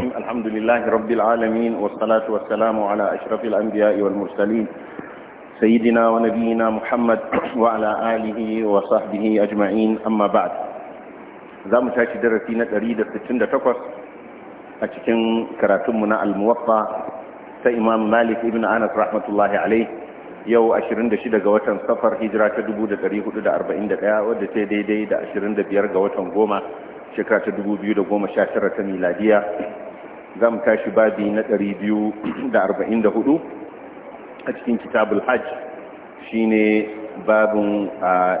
الرحيم الحمد لله رب العالمين والصلاة والسلام على أشرف الأنبياء والمرسلين سيدنا ونبينا محمد وعلى آله وصحبه أجمعين أما بعد za mu tashi darasi na 168 a cikin karatunmu na almuwaffa ta imam malik ibn anas rahmatullahi alai yau 26 ga watan safar hijira ta 1441 wadda ta daidai da 25 ga watan goma shekara ta 2019 ta miladiya za mu tashi babi na 244 a cikin kitabul hajj shine babun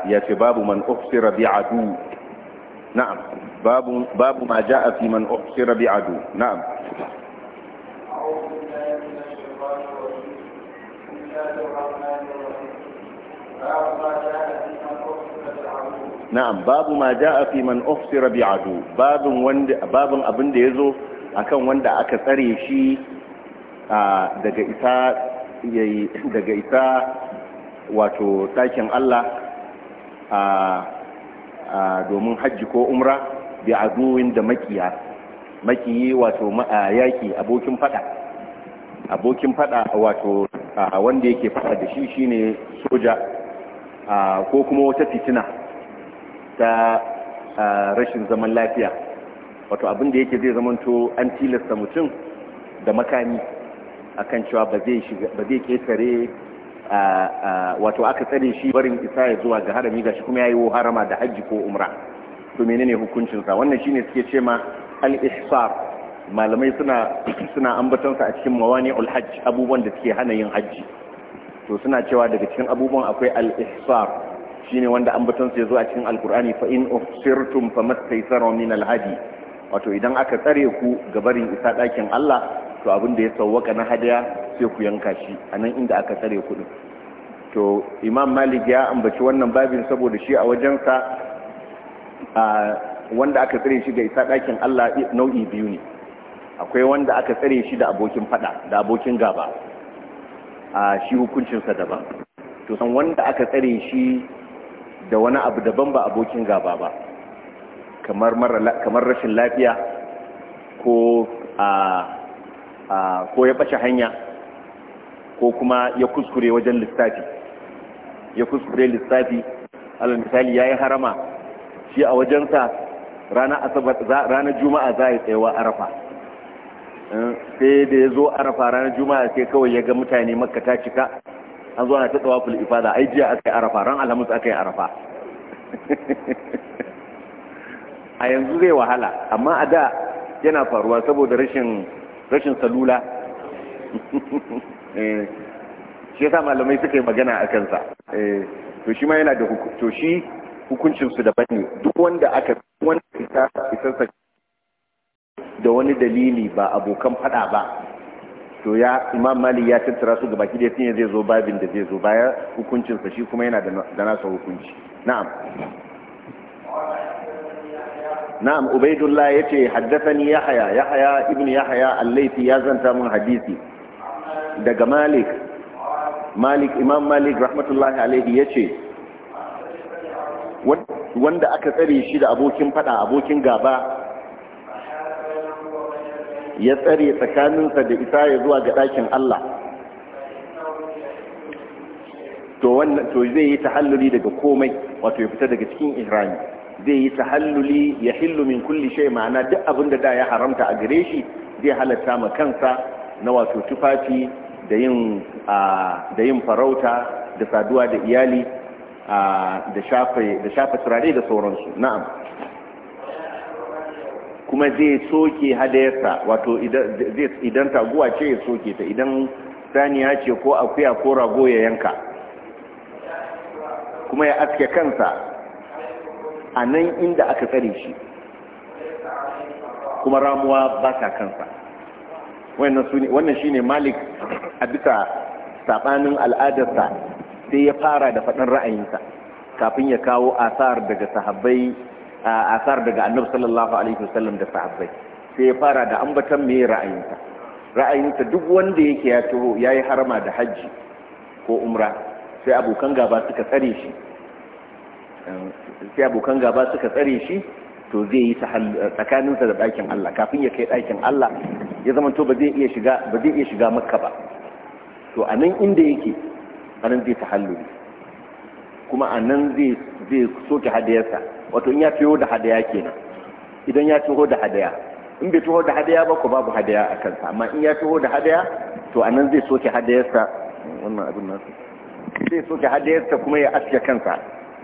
ya ce babu man ofsira bi'adu na'am babu babu ma ja'a fi man ofsira bi'adu na'am na'am babu ma ja'a fi man ofsira bi'adu babun wanda babun abin da yazo akan wanda aka tsare shi daga isa wato ɗakin Allah domin hajji ko umra bi aduwin da makiya makiyi wato yaki abokin fada abokin fada wato wanda yake fada da shi shine soja ko kuma wata fitina ta rashin zaman lafiya wato abin da yake zai zamanto an tilasta mutum da makami kan cewa ba zai ketare wato aka tsare shi barin isa ya zuwa ga harami shi kuma yayi harama da hajji ko umra to menene hukuncinsa? Wannan shi ne suke ce ma al ihsar malamai suna suna a cikin mawani'ul hajj abubuwan da suke hana yin hajji to suna cewa daga cikin abubuwan akwai al ihsar shine wanda ambaton ya zo a cikin alqur'ani fa in uhsirtum famastaysara min al hadi wato idan aka tsare ku ga barin isa ɗakin Allah to abin da ya sauwaka na hadaya sai ku yanka shi a nan inda aka tsare ku ɗin to imam malik ya ambaci wannan babin saboda shi a wajensa a wanda aka tsare shi ga isa ɗakin Allah nau'i biyu ne akwai wanda aka tsare shi da abokin fada da abokin gaba a shi hukuncinsa daban to san wanda aka tsare shi da wani abu daban ba abokin gaba ba kamar rashin lafiya ko ya ɓace hanya ko kuma ya kuskure wajen lissafi ya kuskure lissafi alal misali ya yi harama shi a wajensa ranar juma'a za a yi tsayawa arafa eh, sai da ya zo arafa ranar juma'a sai kawai ya ga mutane makka ta cika an zo ana ta tsawaful ifada ai jiya aka yi arafa ran alhamis aka yi arafa a yanzu zai wahala amma a da yana faruwa saboda rashin salula eh, shi yasa malamai suka yi magana a kansa eh, to shi ma yana da to hukuncinsu daban ne duk wanda aka wanda isa isarsa da wani dalili ba abokan fada ba to ya imam mali ya tattara su gabaki da sun zai zo babin da zai zo baya hukuncinsa shi kuma yana da nasa hukunci na'am na'am ubaidullah yace haddathani yahya yahya ibn yahya al-laythi ya zanta mun hadisi daga malik malik imam malik rahmatullahi alaihi yace wanda aka tsare shi da abokin fada abokin gaba ya tsare tsakaninsa da isa ya zuwa ga ɗakin Allah to wannan zai yi tahalluli daga komai wato ya fita daga cikin ihrami zai yi tahalluli ya hillu min kulli shai ma'ana duk abin da da ya haramta a gare shi zai halatta ma kansa na wato tufafi da yin farauta da saduwa da iyali da shafa turare da sauransu na'am kuma zai soke hadayarsa wato idan taguwa ce ya soke ta idan saniya ce ko akuya ko rago ya yanka kuma ya aske kansa a nan inda aka tsare shi kuma ramuwa ba ta kansa wannan shi ne malik a bisa saɓanin al'adarsa sai ya fara da faɗin ra'ayinsa kafin ya kawo asar daga sahabbai asar daga annabu sallallahu alaihi wasallam da sahabbai sai ya fara da ambatan mai ra'ayinsa ra'ayinsa duk wanda yake ya yi yi harama da hajji ko umra sai abokan gaba suka tsare shi sai abokan gaba suka tsare shi to zai yi tsakaninsa da ɗakin Allah kafin ya kai ɗakin Allah ya zama to ba zai iya shiga ba zai iya shiga makka ba to a nan inda yake a nan zai tahalluli kuma a nan zai zai soke hadayarsa wato in ya tuho da hadaya kenan idan ya tuho da hadaya in bai tuho da hadaya ba ko babu hadaya a kansa amma in ya tuho da hadaya to a nan zai soke hadayarsa wannan abin nan zai soke hadayarsa kuma ya aske kansa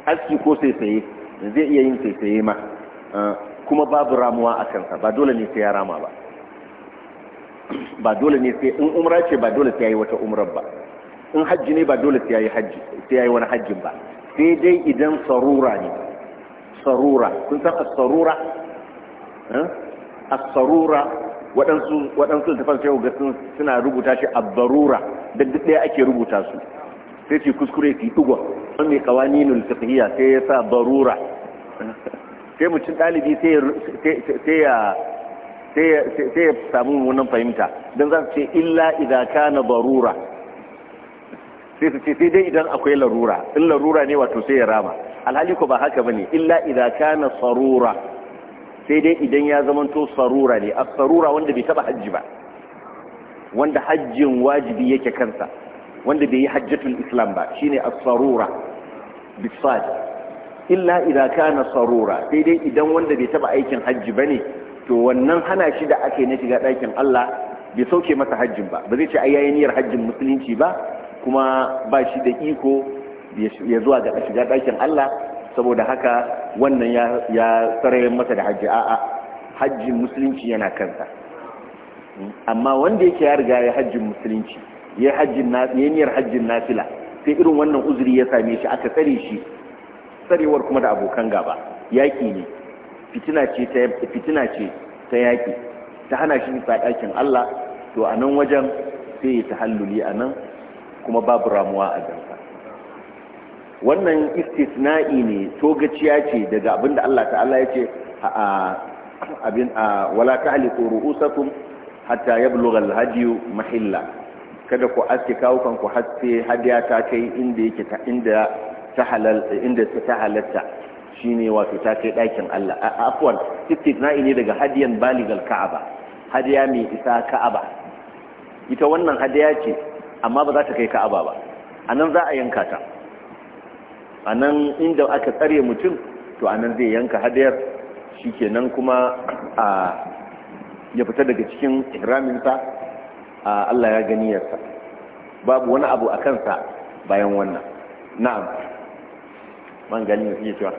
aski ko saisaye zai iya yin saisaye ma ah, kuma babu ramuwa a kansa ba dole ne sai ya rama ba ba dole ne sai in umra ce ba dole sai ya yi wata umrar ba in hajji ne ba dole sai ya yi hajji sai ya yi wani hajjin ba sai dai idan sarura ne sarura kun san as-sarura ah, as-sarura waɗansu waɗansu tafan sai ga suna rubuta shi ad-darura da duk ɗaya ake rubuta su sai ce kuskure ki dugo don mai kawaninul fiqhiyya sai ya sa barura sai mutum ɗalibi sai ya sai ya samu wannan fahimta don za su ce illa idan na barura sai su ce sai dai idan akwai larura in larura ne wato sai ya rama alhali ko ba haka bane illa idan na sarura sai dai idan ya zamanto sarura ne a sarura wanda bai taba hajji ba wanda hajjin wajibi yake kansa wanda bai yi hajjatul islam ba shine as-sarura bisfad illa idza kana sarura sai dai idan wanda bai taba aikin hajji bane to wannan hana shi da ake na shiga ɗakin Allah bai sauke masa hajjin ba ba zai ce ai yayin niyyar hajjin musulunci ba kuma ba shi da iko ya zuwa ga shiga ɗakin Allah saboda haka wannan ya ya sarayar masa da hajji a'a hajjin musulunci yana kansa amma wanda yake ya riga ya hajjin musulunci ya hajjin ya niyyar hajjin nafila sai irin wannan uzuri ya same shi aka tsare shi tsarewar kuma da abokan gaba yaƙi ne fitina ce ta fitina ce ta yaƙi ta hana shi isa ɗakin Allah to a nan wajen sai ya tahalluli a nan kuma babu ramuwa a gansa wannan istisna'i ne togaciya ce daga abin da Allah ta'ala ya ce abin a wala tahliqu ru'usakum hatta yablughal al-hadyu mahilla kada ku aske kawukan ku haske hadiya ta kai inda yake ta inda ta halal inda ta halatta shine wato ta kai dakin Allah afwan na ne daga hadiyan baligal ka'aba hadiya mai isa ka'aba ita wannan hadiya ce amma ba za ta kai ka'aba ba anan za a yanka ta anan inda aka tsare mutum to anan zai yanka hadiyar shikenan kuma a ya fita daga cikin ihraminsa Allah ya gani yarsa babu wani abu a kansa bayan wannan na'am man gani ya fiye cewa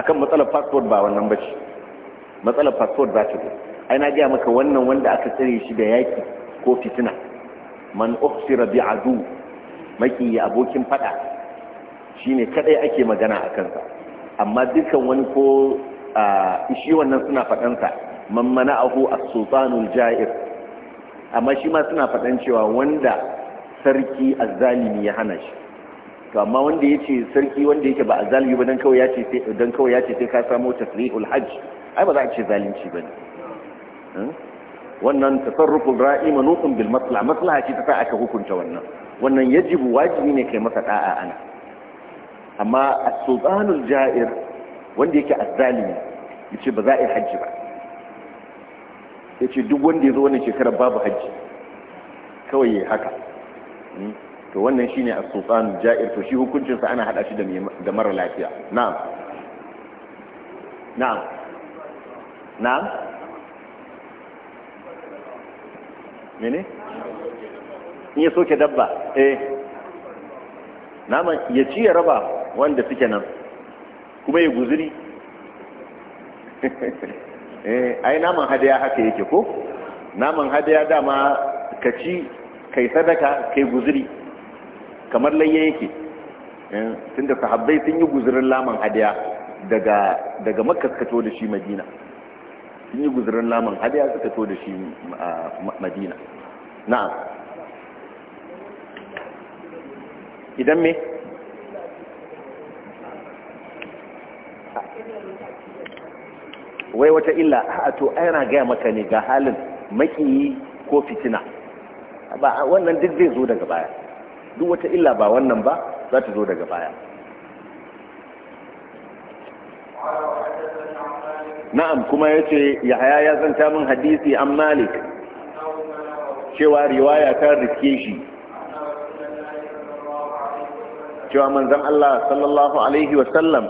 kan matsalar passport ba wannan ba ce matsalar passport ba ce A na gaya maka wannan wanda aka tsere shi da yaki ko fitina man ukhsira bi adu maki abokin fada ne kadai ake magana a kansa amma dukan wani ko ishi wannan suna faɗansa man mana'ahu as-sultanul ja'ir amma shi ma suna faɗan cewa wanda sarki azzalimi ya hana shi to amma wanda ya ce sarki wanda yake ba azzalimi ba don kawai yace sai dan kawai yace sai ka samu tasrihul hajj ai ba za a ce zalunci ba ne. Hmm? wannan tasarruful ra'i manutun bil maslaha maslaha ce ta sa aka hukunta wannan wannan yajibu wajibi ne kai masa da'a ana amma as-sultanul ja'ir wanda yake azzalimi Yace ba za a yi hajji ba yace duk wanda ya zo wannan shekarar babu hajji kawai ya haka hmm? to wannan shi ne a ja'ir to shi hukuncinsa ana hada shi da mara lafiya na'am na'am na'am mene? in ya soke dabba eh naman ya ci ya raba wanda suke nan kuma ya guziri eh ai naman hadiya haka yake ko naman hadiya dama ka ci kai sadaka kai guzuri kamar layya yake eh, tunda sahabbai sun yi guzurin laman hadiya daga daga makka suka to da shi madina sun yi guzurin laman hadiya suka to da shi madina na'am idan me wai wata illa a to ana gaya maka ne ga halin makiyi ko fitina ba wannan duk zai zo daga baya duk wata illa ba wannan ba za ta zo daga baya na'am kuma yace yahaya ya zanta min hadisi an malik cewa riwaya ta rike shi cewa manzon Allah sallallahu alaihi wasallam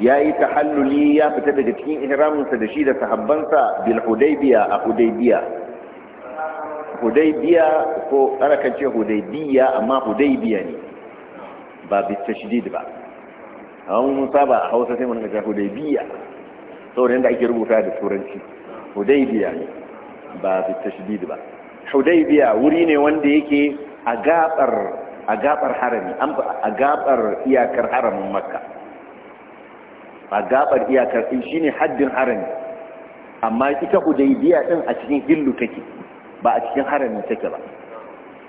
ya yi tahalluli ya fita daga cikin ihraminsa da shi da sahabbansa bil hudaybiya a hudaybiya hudaybiya ko ana kan ce hudaybiya amma hudaybiya ne ba bi tashdid ba A wani musa ba a Hausa sai wani ga hudaybiya saboda yanda ake rubuta da turanci hudaybiya ne ba bi tashdid ba hudaybiya wuri ne wanda yake a gabar a gabar harami a gabar iyakar haramin makka a gabar iyakar din shine haddin harami amma ita hudaybiya din a cikin hillu take ba a cikin harami take ba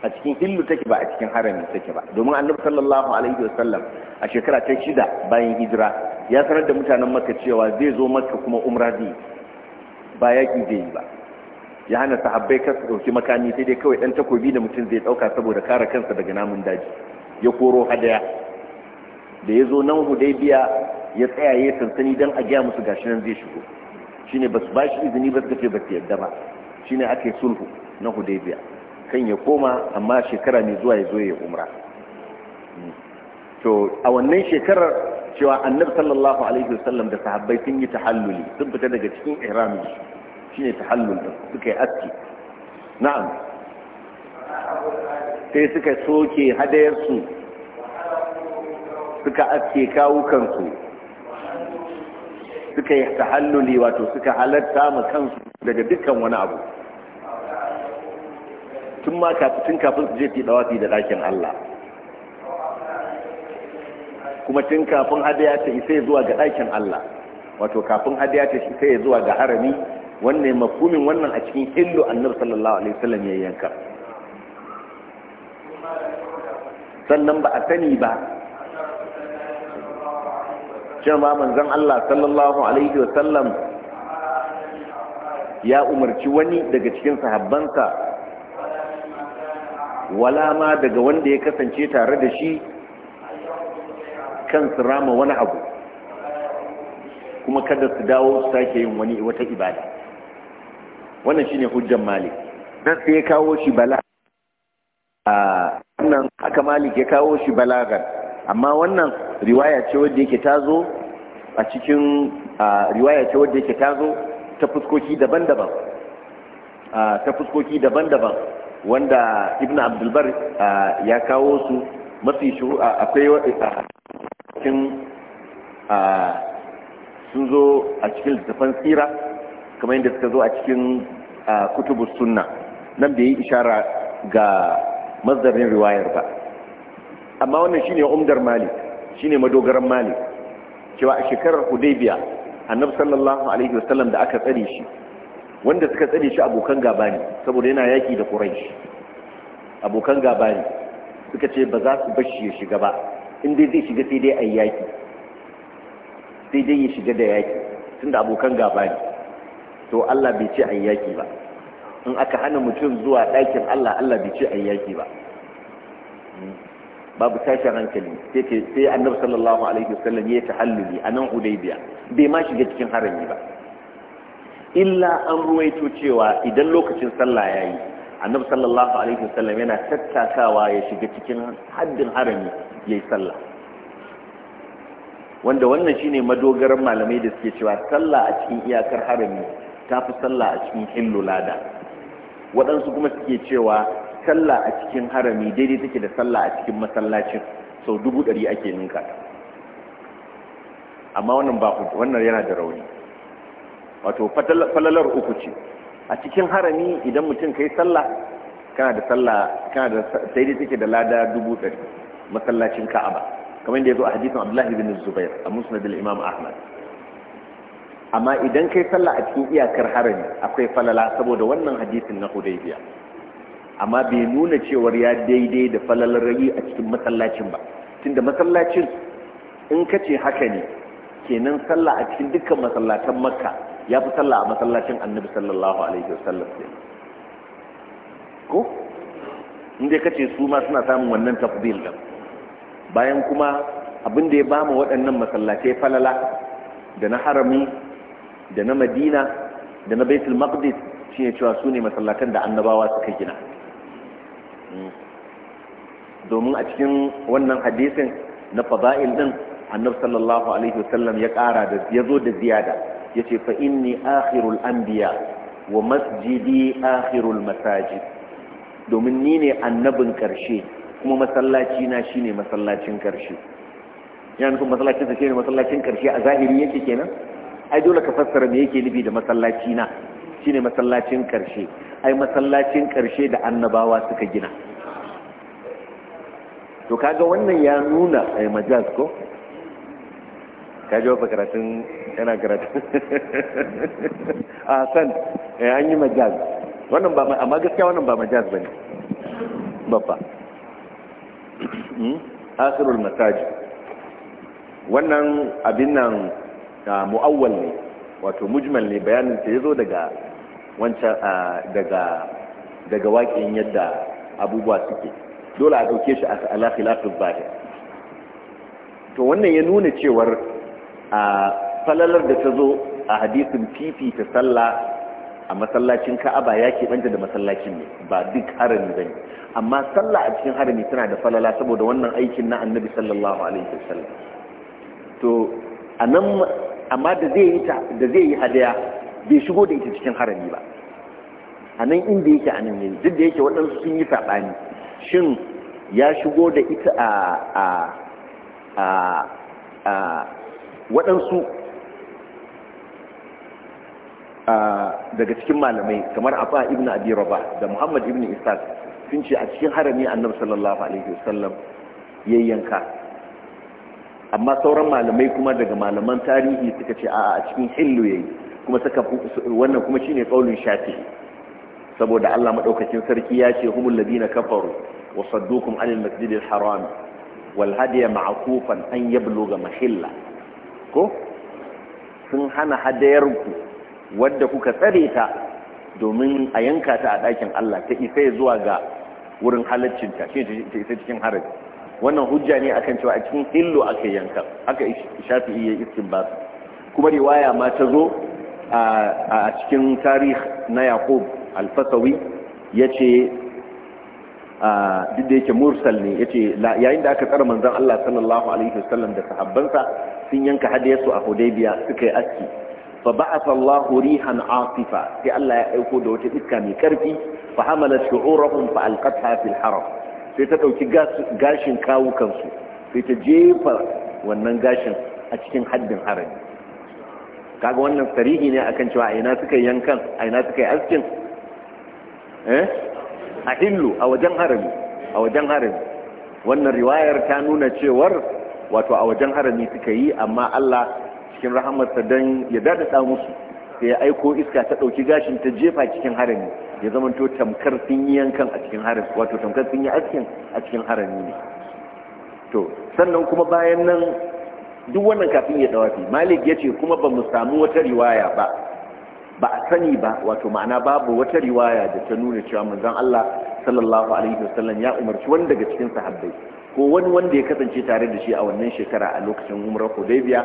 a cikin hillu take ba a cikin harami take ba domin annabi sallallahu alaihi wasallam a shekara ta shida bayan hijira ya sanar da mutanen makka cewa zai zo makka kuma umra zai ba yaki zai yi ba ya hana sahabbai kar su dauki makami sai dai kawai dan takobi da mutum zai dauka saboda kare kansa daga namun daji ya koro hadaya da ya zo nan hudaybiya ya tsaya ya sansani don a gya musu gashi nan zai shigo shine ba su ba shi izini ba su ce ba su yadda ba shine ake sulhu na hudaybiya kan ya koma amma shekara mai zuwa ya zo ya umra hmm. to a wannan shekarar cewa annabi sallallahu alaihi wasallam da sahabbai sun yi tahalluli sun fita daga cikin ihramin shine tahallul din suka yi aski na'am sai suka soke hadayarsu suka aske kawukansu suka yi tahalluli wato suka halatta ma kansu daga dukkan wani abu tun ma kafin kafin su je su dawafi da ɗakin Allah kuma tun kafin hadiya ta isa zuwa ga ɗakin Allah wato kafin hadiya ta isa zuwa ga harami wannan mafhumin wannan a cikin hillu annabi sallallahu alaihi wasallam ya yanka sannan ba a sani ba cewa manzon Allah sallallahu alaihi wa sallam ya umarci wani daga cikin sahabbansa wala ma daga wanda ya kasance tare da shi kan su rama wani abu kuma kada su dawo su sake yin wani wata ibada wannan shine hujjan malik dan sai ya kawo shi bala a wannan haka malik ya kawo shi balagar amma wannan riwaya ce wadda yake tazo a cikin riwaya ce wadda yake tazo ta fuskoki daban-daban ta fuskoki daban-daban wanda ibn abdulbar ya kawo su mafi shuru akwai cikin sun zo a cikin littafan tsira kamar yadda suka zo a cikin kutubu sunna nan da yi ishara ga mazdarin riwayar ba amma wannan shine umdar malik shine madogaran malik cewa a shekarar hudaybiya annabi sallallahu alaihi wasallam da aka tsare shi wanda suka tsare shi abokan gaba ne saboda yana yaki da quraish abokan gaba ne suka ce ba za su bashi shi ya shiga ba in dai zai shiga sai dai ayi yaki sai dai ya shiga da yaki tunda abokan gaba ne to Allah bai ce ayi yaki ba in aka hana mutum zuwa ɗakin Allah Allah bai ce ayi yaki ba hmm. babu tashin hankali sai ke annabi sallallahu alaihi wasallam ya tahalluli a nan hudaybiya bai ma shiga cikin harami ba illa an ruwaito cewa idan lokacin sallah yayi annabi sallallahu alaihi wasallam yana tattakawa ya shiga cikin haddin harami ya yi sallah wanda wannan shine madogaran malamai da suke cewa sallah a cikin iyakar harami tafi sallah a cikin hillulada waɗansu kuma suke cewa sallah a cikin harami daidai take da sallah a cikin masallacin sau dubu ɗari ake ninka amma wannan ba wannan yana da rauni wato falalar uku ce a cikin harami idan mutum kai sallah kana da sallah kana da daidai take da lada dubu ɗari masallacin ka'aba kamar yadda ya zo a hadisin abdullahi bin zubair a musnad imam ahmad amma idan kai sallah a cikin iyakar harami akwai falala saboda wannan hadisin na hudaybiya amma bai nuna cewar ya daidai da falalar rayu a cikin masallacin ba tun da masallacin in ka ce haka ne kenan sallah a cikin dukkan masallatan makka ya fi sallah a masallacin annabi sallallahu alaihi wasallam ko inda ka ce su ma suna samun wannan tafdil din bayan kuma abin da ya ba waɗannan masallatai falala da na harami da na madina da na baitul maqdis shine cewa su ne masallatan da annabawa suka gina domin a cikin wannan hadisin na fada'il din annabi sallallahu alaihi wasallam ya kara da ya zo da ziyada ya ce fa inni akhirul anbiya wa masjidi akhirul masajid domin ni ne annabin karshe kuma masallaci na shine masallacin karshe yana nufin masallacin sa shine masallacin karshe a zahiri yake kenan ai dole ka fassara me yake nufi da masallaci na shine masallacin karshe ai masallacin ƙarshe da annabawa suka gina to kaga wannan ya nuna ai majaz ko ka ji wafa karatun yana karatun a san eh, an yi majaz wannan ba amma gaskiya wannan ba majaz ba ne babba hmm? asirul masaji wannan abin nan ah, mu'awwal ne wato mujmal ne bayanin ta ya zo daga wancan daga daga waƙin yadda abubuwa suke dole a ɗauke shi a ala zahir to wannan ya nuna cewar a falalar da ta zo a hadisin fifi ta sallah a masallacin ka'aba ya keɓanta da masallacin ne ba duk harami ba ne amma sallah a cikin harami tana da falala saboda wannan aikin na annabi sallallahu alaihi wasallam to a nan, amma da zai yi hadaya bai shigo da ita cikin harami ba a nan inda yake a nan ne duk da yake waɗansu sun yi saɓani shin ya shigo da ita a a a waɗansu daga cikin malamai kamar afa ibn abi raba da muhammad ibn isaac sun ce a cikin harami annabi sallallahu alaihi wasallam yayyanka amma sauran malamai kuma daga malaman tarihi suka ce a a cikin hillu yayi kuma saka wannan kuma shine kaulin shafi. saboda Allah madaukakin sarki ya ce humul ladina kafaru wa saddukum anil masjidil haram wal hadiya ma'kufan an yabluga mahilla ko sun hana hadayarku wadda kuka tsare ta domin a yanka ta a dakin Allah ta isa zuwa ga wurin halaccinta shi ta isa cikin haraji wannan hujja ne akan cewa a cikin hillo aka yanka aka shafi'i iya iskin ba kuma riwaya ma ta zo a cikin tarih na yaqub alfasawi ya ce duk da yake mursal ne ya ce yayin da aka tsara manzan Allah sallallahu alaihi wasallam da sahabbansa sun yanka hadiyarsu a hudaybiya suka yi aski fa ba'atha Allah rihan asifa sai Allah ya aiko da wata iska mai karfi fa hamalat shu'urahum fa alqatha fil haram sai ta dauki gashin kawukansu sai ta jefa wannan gashin a cikin haddin harami kaga wannan sarihi ne akan cewa a ina suka yankan a ina suka yi askin eh a illu a wajen harami a wajen harami wannan riwayar ta nuna cewar wato a wajen harami suka yi amma Allah cikin rahamarsa dan ya dadada musu sai ya aiko iska ta dauki gashin ta jefa cikin harami ya zamanto tamkar sun yi yankan a cikin harami wato tamkar sun yi askin a cikin harami ne to sannan kuma bayan nan duk wannan kafin ya dawafi malik ya ce kuma ba mu samu wata riwaya ba ba a sani ba wato ma'ana babu wata riwaya da ta nuna cewa manzon Allah sallallahu alaihi wasallam ya umarci wani daga cikin sahabbai ko wani wanda ya kasance tare da shi a wannan shekara a lokacin umrar hudaybiya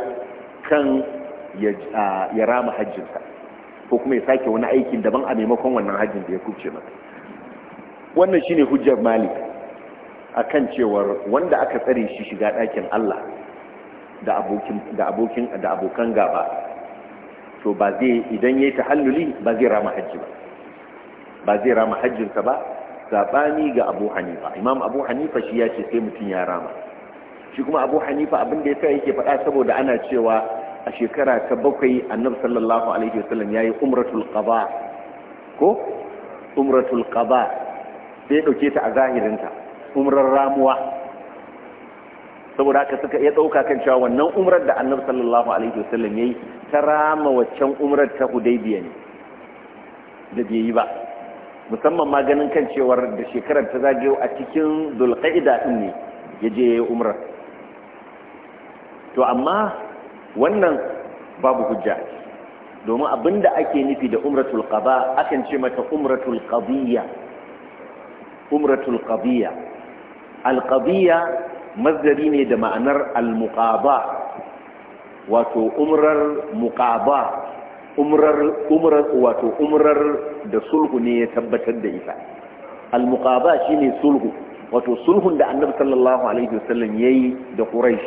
kan ya rama hajjinsa ko kuma ya sake wani aikin daban a maimakon wannan hajjin da ya kuce masa wannan shine hujjar malik akan cewar wanda aka tsare shi shiga ɗakin Allah da abokin da abokan gaba to ba zai idan yayi tahalluli ba zai rama hajji ba ba zai rama hajjinsa ba zabani ga Abu Hanifa Imam Abu Hanifa shi ya ce sai mutun ya rama shi kuma Abu Hanifa abin da yasa yake faɗa saboda ana cewa a shekara ta bakwai Annabi sallallahu alaihi wasallam yayi umratul qada ko umratul qada sai dauke ta a zahirinta umrar ramuwa saboda haka suka iya ɗauka kan cewa wannan umrar da annabi sallallahu alaihi wasallam yayi ta rama waccan umrar ta hudaybiya ne da bai yi ba musamman ma ganin kan cewar da shekarar ta zagayo a cikin dulqa'ida din ne yaje je yayi umrar to amma wannan babu hujja domin abinda ake nufi da umratul qada akan ce mata umratul qadiyya umratul qadiyya al qadiyya mazdari ne da ma'anar al-muqaba wato umrar muqaba umrar umrar wato umrar da sulhu ne ya tabbatar da ita al-muqaba shine sulhu wato sulhun da annabi sallallahu alaihi wasallam yayi da quraish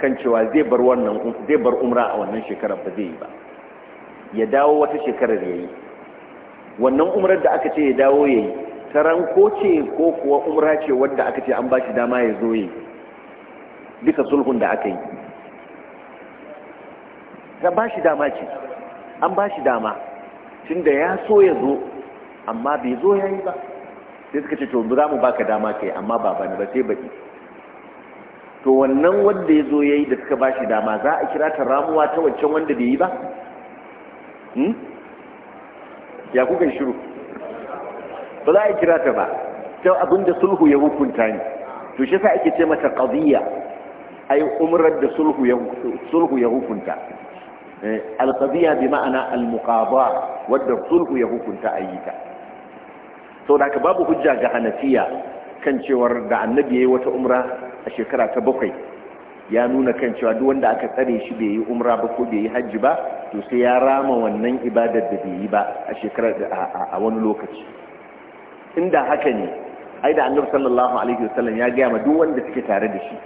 kan cewa zai bar wannan zai bar umra a wannan shekarar ba zai yi ba ya dawo wata shekarar yayi wannan umrar da aka ce ya dawo yayi taranko ce ko kuwa umra ce wadda aka ce an ba shi dama ya zoye bisa sulhun da aka yi ta ba shi dama ce an ba shi dama tun da ya so ya zo amma bai zo ya yi ba sai suka ce to za mu baka dama ka yi amma ba bani ba sai baki to wannan wanda ya zo ya yi da suka ba shi dama za a kira ta ramuwa ta wancan wanda bai yi ba hmm? ya kuka shiru ba za a kira ta ba ta abinda sulhu ya hukunta ne to shi sa ake ce mata qadiyya ai umrar da sulhu ya sulhu ya hukunta eh, al-qadiyya bi ma'ana al-muqada wadda sulhu ya hukunta ayyuka to da ka babu hujja ga hanafiya kan cewar da annabi yayi wata umra a shekara ta bakwai ya nuna kan cewa duk wanda aka tsare shi bai yi umra ba ko bai yi hajji ba to sai ya rama wannan ibadar da bai yi ba a shekarar a wani lokaci inda haka ne ai da annabi sallallahu alaihi wasallam ya gaya ma duk wanda suke tare da shi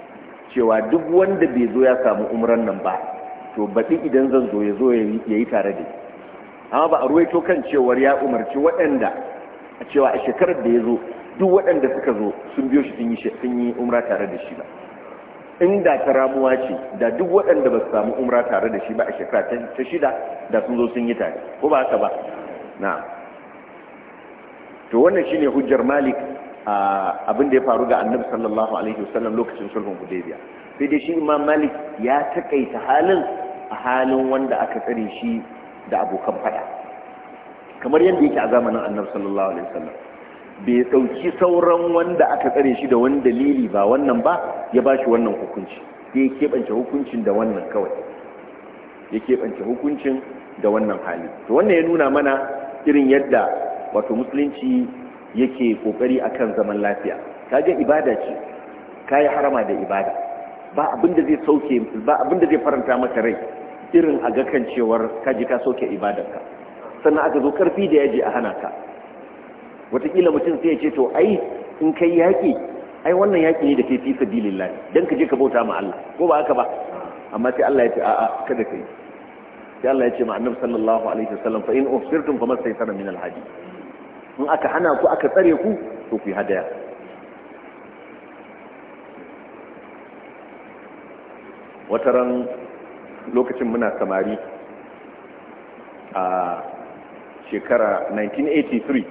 cewa duk wanda bai zo ya samu umran nan ba to baɗi idan zan zo ya zo ya yi tare da amma ba a ruwaito kan cewar ya umarci waɗanda a cewa a shekarar da ya zo duk waɗanda suka zo sun biyo shi sun yi umra tare da shi ba in da ta ramuwa ce da duk waɗanda ba su samu umra tare da shi ba a shekara ta shida da sun zo sun yi tare ko ba haka ba na'am to wannan shine hujjar malik abin da ya faru ga annabi sallallahu alaihi wasallam lokacin sulhun hudaybiya sai dai shi imam malik ya takaita halin a halin wanda aka tsare shi da abokan fada kamar yadda yake a zamanin annabi sallallahu alaihi wasallam bai dauki sauran wanda aka tsare shi da wani dalili ba wannan ba ya bashi wannan hukunci sai ya keɓance hukuncin da wannan kawai ya keɓance hukuncin da wannan hali to wannan ya nuna mana irin yadda wato musulunci yake kokari akan zaman lafiya kaje ibada ce kai harama da ibada ba abin da zai sauke ba abin da zai faranta maka rai irin a ga kan cewar kaji ka sauke ibadarka sannan aka zo karfi da yaji a hana ka wataƙila mutum sai ya ce to ai in kai yaƙi ai wannan yaki ne da kai fi sabilillah dan ka je ka bauta ma Allah ko ba haka ba amma sai Allah ya ce a'a kada kai sai Allah ya ce ma annabi sallallahu alaihi wasallam fa in ufsirtum famastaysara min alhadi in aka hana ku aka tsare ku to ku yi hadaya wataran lokacin muna samari a shekara 1983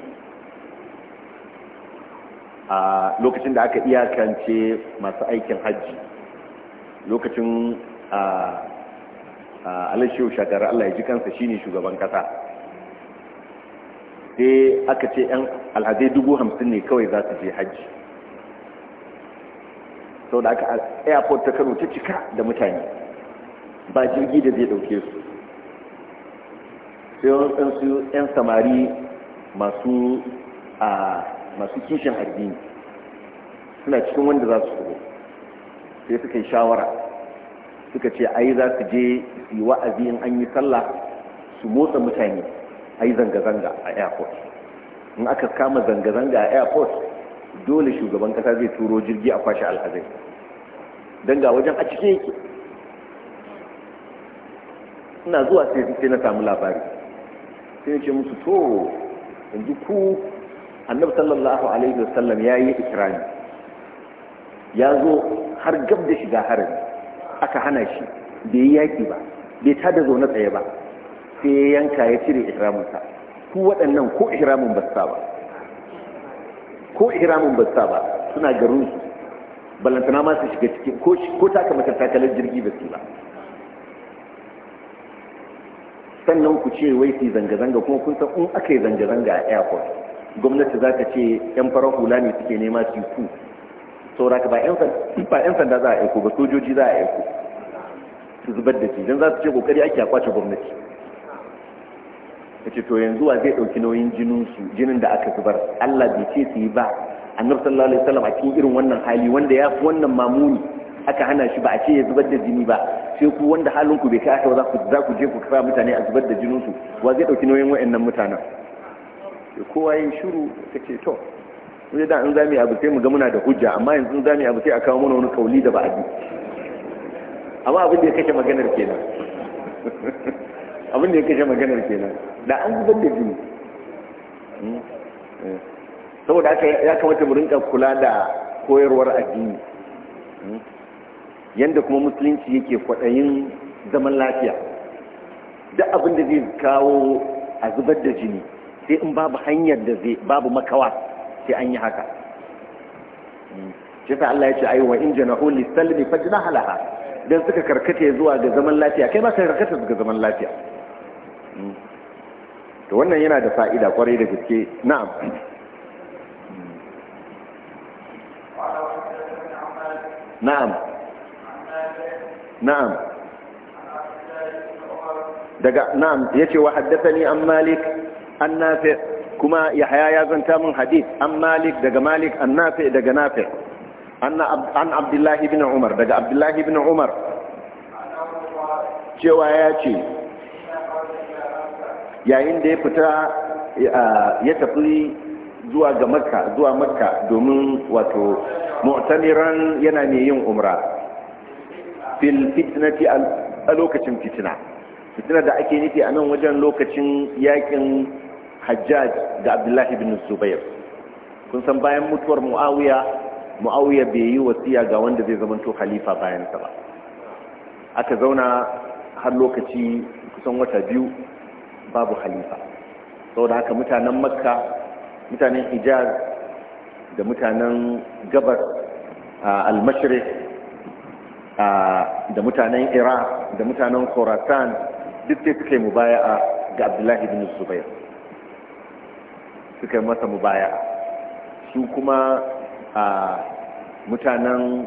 a lokacin da aka iyakance masu aikin hajji lokacin a alashiyo shagara Allah ya ji kansa shi ne shugaban kasa sai aka ce yan alhazai dubu hamsin ne kawai za su je hajji sau da aka airport ta kano ta cika da mutane ba jirgi da zai dauke su sai waɗansu 'yan samari masu a masu kishin addini suna cikin wanda za su tsoro sai suka yi shawara suka ce ai za su je yi wa'azi in an yi sallah su motsa mutane a yi zanga-zanga a airport in aka kama zanga-zanga a airport dole shugaban kasa zai turo jirgi a kwashe alhazai don ga wajen a cikin yake ina zuwa sai na samu labari sai ce musu to yanzu ku annabi sallallahu alaihi wasallam ya yi ikirani ya zo har gab da shiga harin aka hana shi bai yi yaƙi ba bai tada zaune tsaye ba sai ya yanka ya cire ihramunsa ku waɗannan ko ihramun ba ba ko ihramun ba ba suna garin su ballantana ma su shiga cikin ko taka matattakalar jirgi ba su ba sannan ku ce wai su zanga-zanga kuma kun san in aka yi zanga-zanga a airport gwamnati za ka ce yan farar hula ne suke nema su ku saura ka ba yan sanda za a aiko ba sojoji za a aiko su zubar da shi don za su ce kokari ake a kwace gwamnati kace to yanzu wa zai dauki nauyin jinin su jinin da aka zubar Allah bai ce su yi ba annabi sallallahu alaihi wasallam a cikin irin wannan hali wanda ya fi wannan mamuni aka hana shi ba a ce ya zubar da jini ba sai ku wanda halin ku bai kai aka za ku za ku je ku kafa mutane a zubar da jinin su wa zai dauki nauyin wayannan mutanen kowa ya shiru kace to sai da an zami abu sai mu ga muna da hujja amma yanzu an zami abu sai a kawo mana wani kauli da ba a bi amma abin da ya kashe maganar kenan abin da ya kashe maganar kenan da an zubar da jini hmm? eh. saboda aka ya kamata mu rinka kula da koyarwar addini hmm? yadda kuma musulunci yake kwaɗayin zaman lafiya duk abin da zai kawo a zubar da jini sai in babu hanyar da zai babu makawa sai an yi haka hmm? shi Allah ya ce ayi wa in janahu lisalmi fajnah halaha dan suka karkata zuwa ga zaman lafiya kai ma ka karkata ga zaman lafiya to wannan yana da fa'ida kwarai da gaske na'am na'am na'am daga na'am yace wa haddathani an malik an nafi kuma yahya ya zanta min hadith an malik daga malik an nafi daga nafi an abdullahi ibn umar daga abdullahi ibn umar cewa ya ce yayin da ya fita ya tafi zuwa ga makka zuwa makka domin wato mu'tamiran yana mai yin umra fil fitnati a lokacin fitina fitina da ake nufi a nan wajen lokacin yakin hajjaj da abdullahi bin zubair kun san bayan mutuwar muawiya muawiya bai yi wasiya ga wanda zai zamanto khalifa bayansa ba aka zauna har lokaci kusan wata biyu babu halifa da haka mutanen makka mutanen hijaz da mutanen gabar al-mashriq da mutanen iraq da mutanen khorasan duk sai suke mubaya'a ga abdullahi bin zubair suka masa mubaya'a su kuma mutanen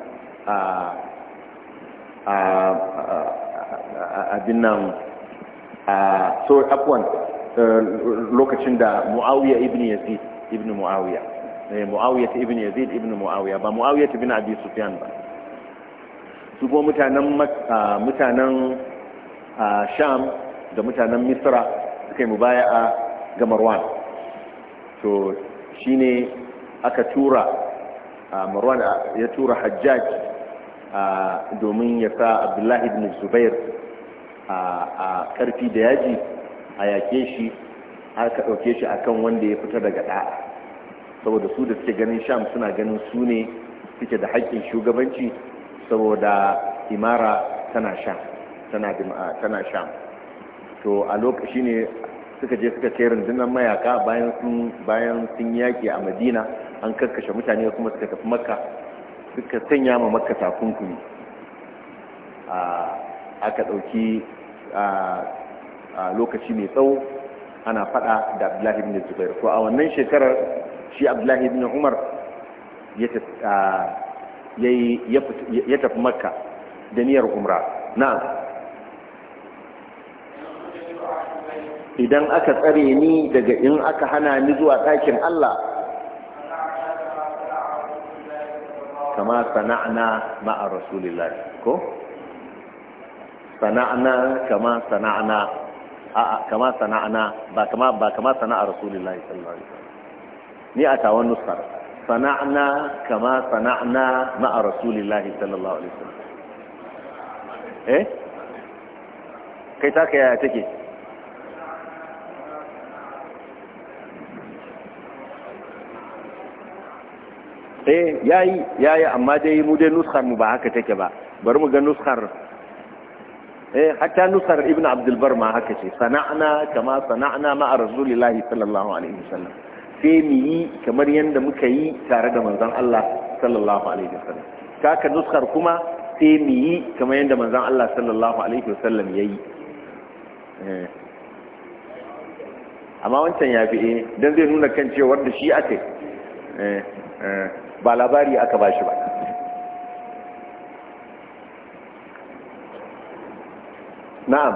abin nan a so afwan eh, lokacin da muawiya ibn yazid ibn muawiya eh, muawiya ibn yazid ibn muawiya ba muawiya ibn abi sufyan ba su kuma mutanen mutanen sham da mutanen misra suka yi mubaya'a ga marwan to shine aka tura marwan ya tura hajjaj domin ya sa abdullahi ibn zubair a karfi da yaji a yake shi har ka ɗauke shi a kan wanda ya fita daga ɗaya, saboda su da suke ganin sham suna ganin su ne suke da haƙƙin shugabanci saboda imara tana sham tana sham to a lokaci ne suka je suka kai rundunar mayaka bayan sun bayan sun yaƙi a madina an karkashe mutane kuma suka tafi makka suka sanya ma makka takunkumi aka ɗauki A lokaci mai tsawo ana fada da abdullahi ibn zubair ko a wannan shekarar shi abdullahi ibn umar ya tafi makka da niyyar umra na'am idan aka tsare ni daga in aka hana ni zuwa ɗakin Allah kama sana'na ma'a rasulillah ko sana'ana kama sana'ana a'a kama sana'ana ba kama ba kama sana'a rasulullahi sallallahu alaihi wasallam ni a tawon nusar sana'ana kama sana'ana ma rasulullahi sallallahu alaihi wasallam eh kai ta kai ya take eh yayi yayi amma dai mu dai nuskar mu ba haka take ba bari mu ga nuskar eh hatta nusar ibn abdul bar ma haka ce sana'na kama sana'na ma rasulillahi sallallahu alaihi wasallam sai mu yi kamar yadda muka yi tare da manzon Allah sallallahu alaihi wasallam kaka nuskar kuma sai mu yi kamar yadda manzon Allah sallallahu alaihi wasallam yayi eh. amma wancan ya fi eh dan zai nuna kan cewa da shi ake eh, eh, ba labari aka bashi ba na'am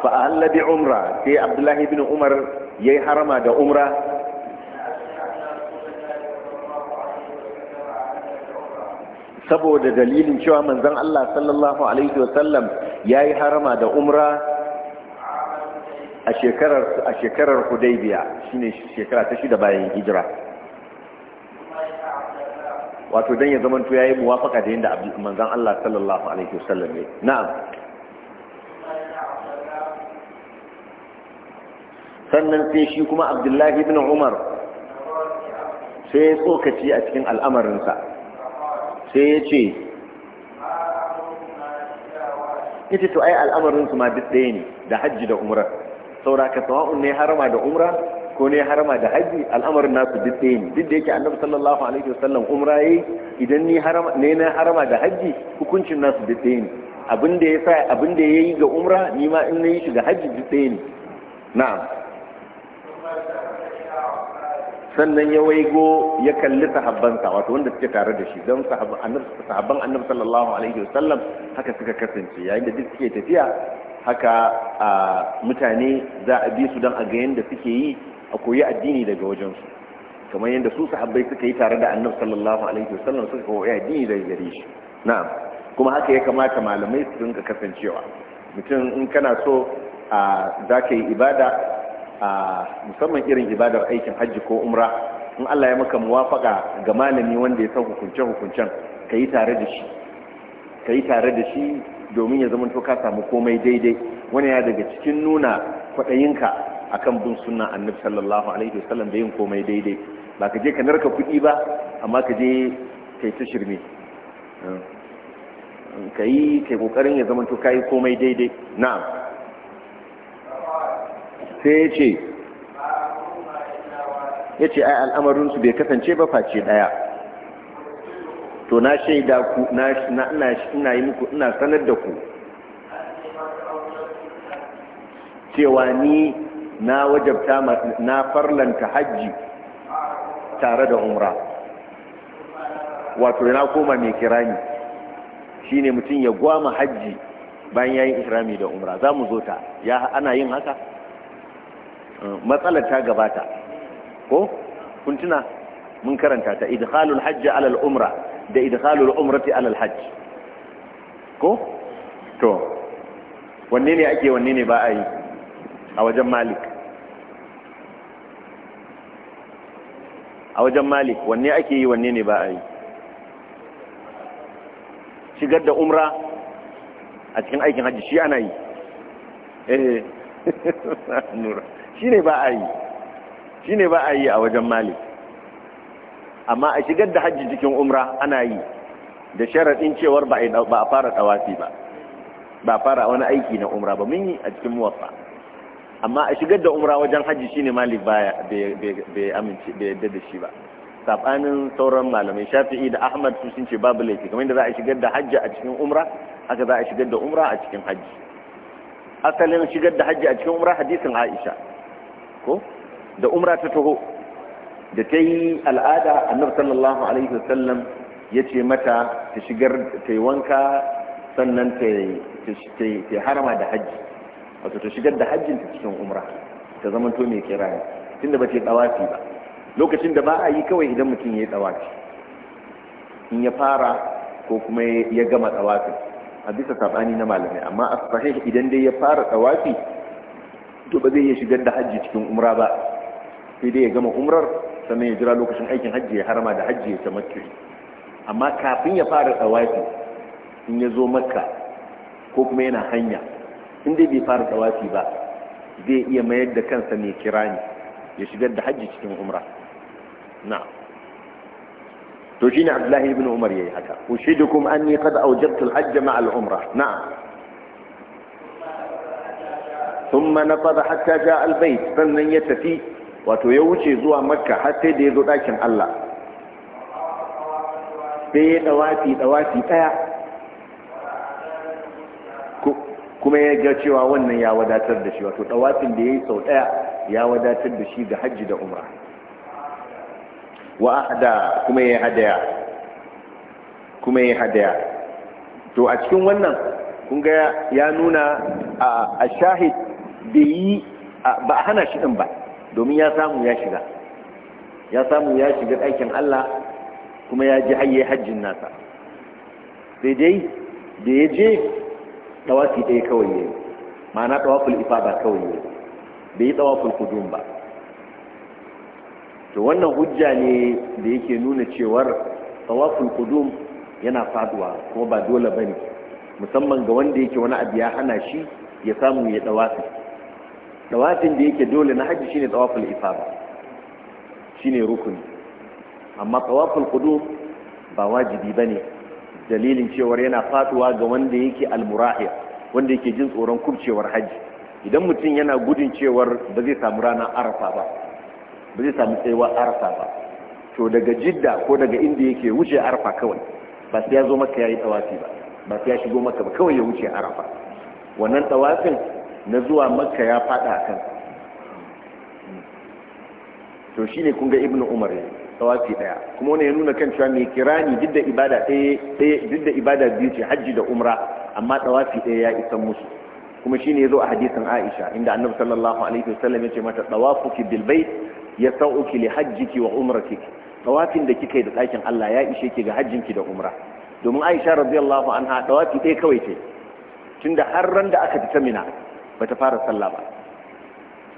fa ahalla bi umra sai abdullahi ibn umar yayi harama da umra saboda dalilin cewa manzon Allah sallallahu alaihi wasallam yayi harama da umra a shekarar a shekarar Hudaybiya shine shekara ta shida bayan hijira wato dan ya zamanto yayi muwafaka da yanda manzan Allah sallallahu alaihi wasallam ne na'am sannan sai shi kuma Abdullahi ibn Umar sai ya tsokaci a cikin al'amarinsa sai ya ce ita to ai al'amarinsu ma duk ɗaya ne da hajji da umra saura ka sawa'un ne harama da umra ko ne harama da haji al'amarin nasu duk ɗaya ne duk da yake annabi sallallahu alaihi wasallam umra yi idan ni harama ne na harama da haji hukuncin nasu duk ɗaya ne abin da yasa abin da yayi ga umra ni ma in nayi shi ga haji duk ɗaya ne na'am sannan ya waigo ya kalli sahabbansa wato wanda suke tare da shi don sahabban annabi sallallahu alaihi wasallam haka suka kasance yayin da duk suke tafiya haka mutane za a bi su don a ga yadda suke yi a koyi addini daga wajen su. kamar yadda su sahabbai suka yi tare da annabi sallallahu alaihi wasallam suka koyi addini daga gare shi na'am kuma haka ya kamata malamai su rinka kasancewa mutum in kana so a za ka yi ibada a musamman irin ibadar aikin hajji ko umra in Allah ya maka muwafaka ga malami wanda ya san hukunce hukuncen ka yi tare da shi ka yi tare da shi domin ya zama to ka samu komai daidai wani ya daga cikin nuna kwaɗayinka akan bin sunna annabi sallallahu alaihi wasallam da yin komai daidai ba ka je ka narka kuɗi ba amma ka je kai ta shirme ka yi kai kokarin ya zama to ka yi komai daidai na'am sai ya ce ya ce ai su bai kasance ba face daya to na shaida ku na ina ina yi muku ina sanar da ku cewa ni na wajabta na farlanta hajji tare da umra wato na koma mai kirani shine mutum ya gwama hajji bayan yayin ihrami da umra za mu zo ta ya ana yin haka eh, matsalar ta gabata ko kun tuna mun karanta ta idkhalul hajji ala al-umra da idkhalul umrati ala al-hajj ko to wanne ne ake wanne ne ba a yi a wajen malik a wajen malik wanne ake yi wanne ne ba a yi shigar da umra a cikin aikin hajji shi ana yi eh nura shi ne ba a yi shi ne ba a yi a wajen malik amma a shigar da hajji cikin umra ana yi da sharaɗin cewar ba a fara ɗawafi ba ba fara wani aiki na umra ba mun yi a cikin muwafa amma a shigar da umra wajen hajji shine malik baya bai amince bai yadda da shi ba sabanin sauran malamai shafi'i da ahmad su sun ce babu laifi kamar da za a shigar da hajji a cikin umra haka za a shigar da umra a cikin hajji asalin shigar da hajji a cikin umra hadisin aisha ko da umra ta taho da ta yi al'ada annabi sallallahu alaihi wasallam ya ce mata ta shigar ta yi wanka sannan ta harama da hajji wato ta shigar da hajjin ta cikin umra ta zama to mai kirani tunda ba ta yi dawafi ba lokacin da ba a yi kawai idan mutum ya yi dawafi in ya fara ko kuma ya gama dawafi a bisa sabani na malamai amma a sahih idan dai ya fara dawafi to ba zai iya shigar da hajji cikin umra ba sai dai ya gama umrar sannan ya jira lokacin aikin hajji ya harama da hajji ya tamattu amma kafin ya fara dawafi in ya zo makka ko kuma yana hanya in dai bai fara tawafi ba zai iya mayar da kansa mai kirani ya shigar da hajji cikin umra na to shi ne abdullahi ibn umar yayi haka ushidukum anni qad awjadtu al-hajj ma'a al-umra na'am ثم نفض حتى جاء البيت sannan ya tafi wato ya wuce zuwa makka har sai da ya zo ɗakin Allah sai ya dawafi dawafi ɗaya kuma ya ga cewa wannan ya wadatar da shi wato tawafin da ya yi sau ɗaya ya wadatar da shi ga hajji da umra wa ahda kuma ya hadaya kuma ya hadaya to a cikin wannan kun ga ya nuna a shahid da yi ba hana shi ɗin ba domin ya samu ya shiga ya samu ya shiga ɗakin Allah kuma ya ji hayye hajjin nasa sai dai da ya je tawafi ɗaya kawai ne ma'ana tawaful ifada kawai ne bai yi tawaful kudum ba to wannan hujja ne da yake nuna cewar tawaful kudum yana faduwa kuma ba dole bane musamman ga wanda yake wani abu ya hana shi ya samu ya tawafi tawafin da yake dole na haji shine tawaful ifada shine rukuni amma tawaful kudum ba wajibi bane dalilin cewar yana faduwa ga wanda yake almurahir wanda yake jin tsoron kubcewar haji idan mutum yana gudun cewar ba zai samu ranar arafa ba ba zai samu tsayuwa arafa ba to daga jidda ko daga inda yake wuce arafa kawai ba sai ya zo maka yayi tawafi ba ba sai ya shigo maka ba kawai ya wuce arafa wannan tawafin na zuwa maka ya fada kan to shine kun ga ibnu umar ne tawafi daya kuma wani ya nuna kan cewa mai kirani duk da ibada duk da ibada biyu ce hajji da umra amma tawafi daya ya isa musu kuma shine yazo a hadisin Aisha inda Annabi sallallahu alaihi wasallam yace mata tawafuki bil bait yasauki li hajjiki wa umratiki tawafin da kika yi da ɗakin Allah ya ishe ki ga hajjinki da umra domin Aisha radiyallahu anha tawafi ɗaya kawai ce tunda har ran da aka fita Mina bata fara sallah ba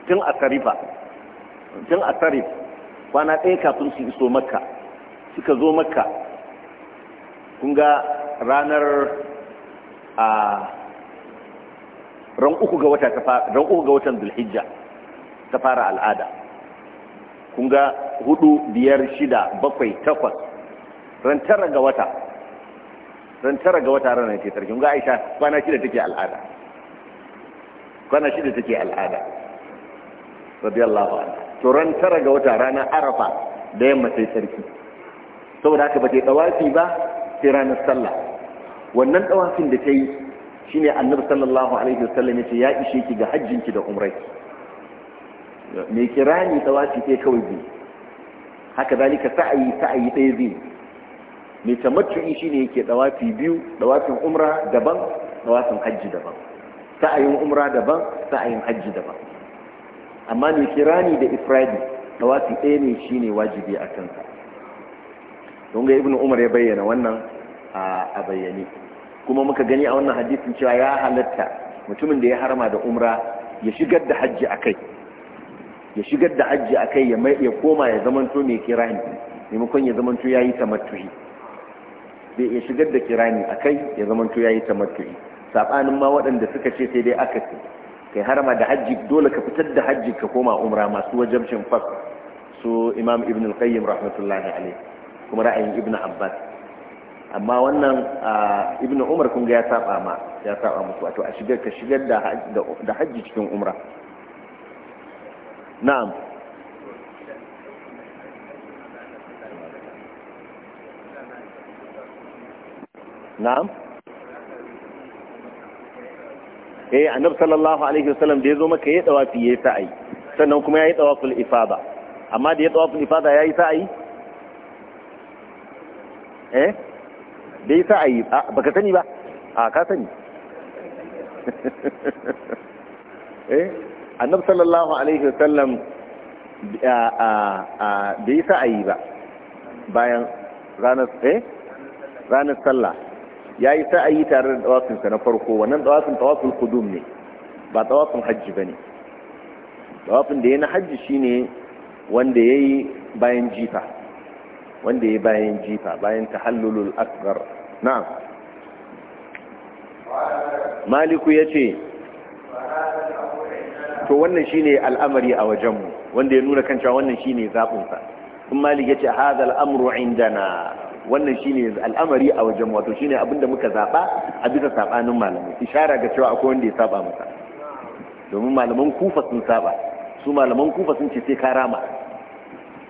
tun asarifa tun asarif kwana ɗaya kafin su iso makka suka zo makka kun ga ranar a ran uku ga wata ran uku ga watan zulhijja ta fara al'ada kun ga hudu biyar shida bakwai takwas ran tara ga wata ran tara ga wata ranar ce sarki kun ga aisha kwana shida take al'ada kwana shida take al'ada radiyallahu anha to ran tara ga wata ranar arafa da yamma sai sarki saboda haka ba ta ba sai ranar sallah wannan tsawafin da ta yi shine annabi sallallahu alaihi wasallam ya ce ya ishe ki ga hajjinki da umrarki mai kirani tsawafi sai kawai biyu haka zalika sa'ayi sa'ayi ɗaya zai mai shi shine yake tsawafi biyu tsawafin umra daban tsawafin hajji daban sa'ayin umra daban sa'ayin hajji daban amma mai kirani da ifradi wasu ɗaya ne shi ne wajibi a kansa don ga ibnu umar ya bayyana wannan a bayyane kuma muka gani a wannan hadisin cewa ya halatta mutumin da ya harma da umra ya shigar da hajji a kai, ya shigar da hajji a ya ya koma ya zamanto mai kirani maimakon ya zamanto yi tamattuhi bai ya shigar da kirani a kai ya zamanto yi tamattuhi Saɓanin ma waɗanda suka ce sai dai aka ce kai harama da hajji dole ka fitar da hajji ka koma umra masu wajabcin fas su imam ibn al-qayyim rahmatullahi alaihi kuma ra'ayin ibn abbas amma wannan ibn umar kun ga ya saba ma ya saba musu wato a shigar ka shigar da da hajji cikin umra na'am na'am eh annabi sallallahu alaihi wasallam da yazo maka yayi ya yayi sa'i sannan kuma ya yayi dawaful ifada amma da yayi dawaful ifada yayi sa'i eh da ya yayi ba ah, ah, ka sani ba a ka sani eh annabi sallallahu alaihi wasallam da ah, yayi sa'i ba bayan ranar eh ranar sallah ya yi yi tare da tawafinsa na farko wannan tawafin tawafin kudum ne ba tawafin hajji ba ne tawafin da ya na hajji shi ne wanda ya yi bayan jifa wanda ya yi bayan jifa bayan ta hallulul asgar na. maliku ya ce to wannan shi ne al'amari a wajenmu wanda ya nuna kan wannan wannan ne zaɓinsa in malik ya ce haɗa al'amuru indana wannan shine yanzu al'amari a wajen wato shine ne abinda muka zaba a bisa sabanin malamai ishara ga cewa akwai wanda ya saba masa domin malaman kufa sun saba su malaman kufa sun ce sai ka rama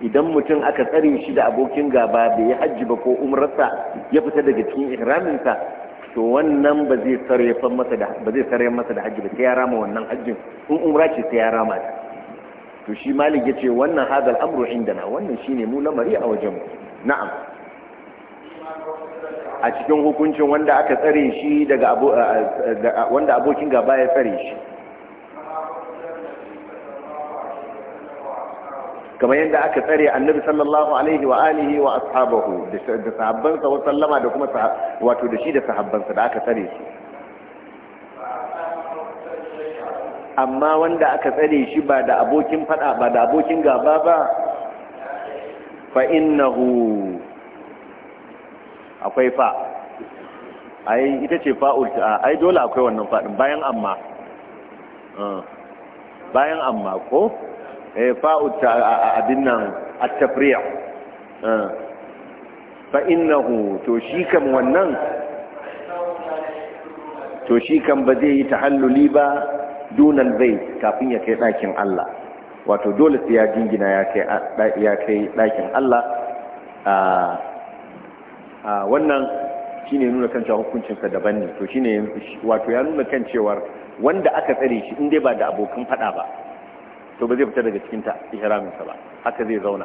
idan mutum aka tsare shi da abokin gaba bai yi hajji ba ko umrarsa ya fita daga cikin ihraminsa to wannan ba zai tsare masa da ba zai tsare masa da hajji ba sai ya rama wannan hajjin in umra ce sai ya rama ta to shi malik yace wannan hadal amru indana wannan shine mu lamari a wajen na'am a cikin hukuncin wanda aka tsare shi daga wanda abokin gaba ya tsare shi kamar yadda aka tsare annabi sallallahu alaihi wa alihi wa ashabahu da sahabbansa wa sallama da kuma wato da shi da sahabbansa da aka tsare shi. amma wanda aka tsare shi ba da abokin fada ba da abokin gaba ba fa innahu akwai fa ai ita ce fa'ul ta ai dole akwai wannan faɗin bayan amma hmm. bayan amma ko eh fa'ul ta abin nan at-tafriya hmm. fa innahu to shi kan wannan to shi kan ba zai yi tahalluli ba dunan zai kafin ya kai ɗakin Allah wato dole sai ya jingina ya kai ɗakin Allah ah, Wannan shi ne nuna kan cewa hukuncinsa daban ne to shi ne wato ya nuna kan cewar wanda aka tsare shi inda ba da abokan fada ba to ba zai fita daga cikin ihraminsa ba haka zai zauna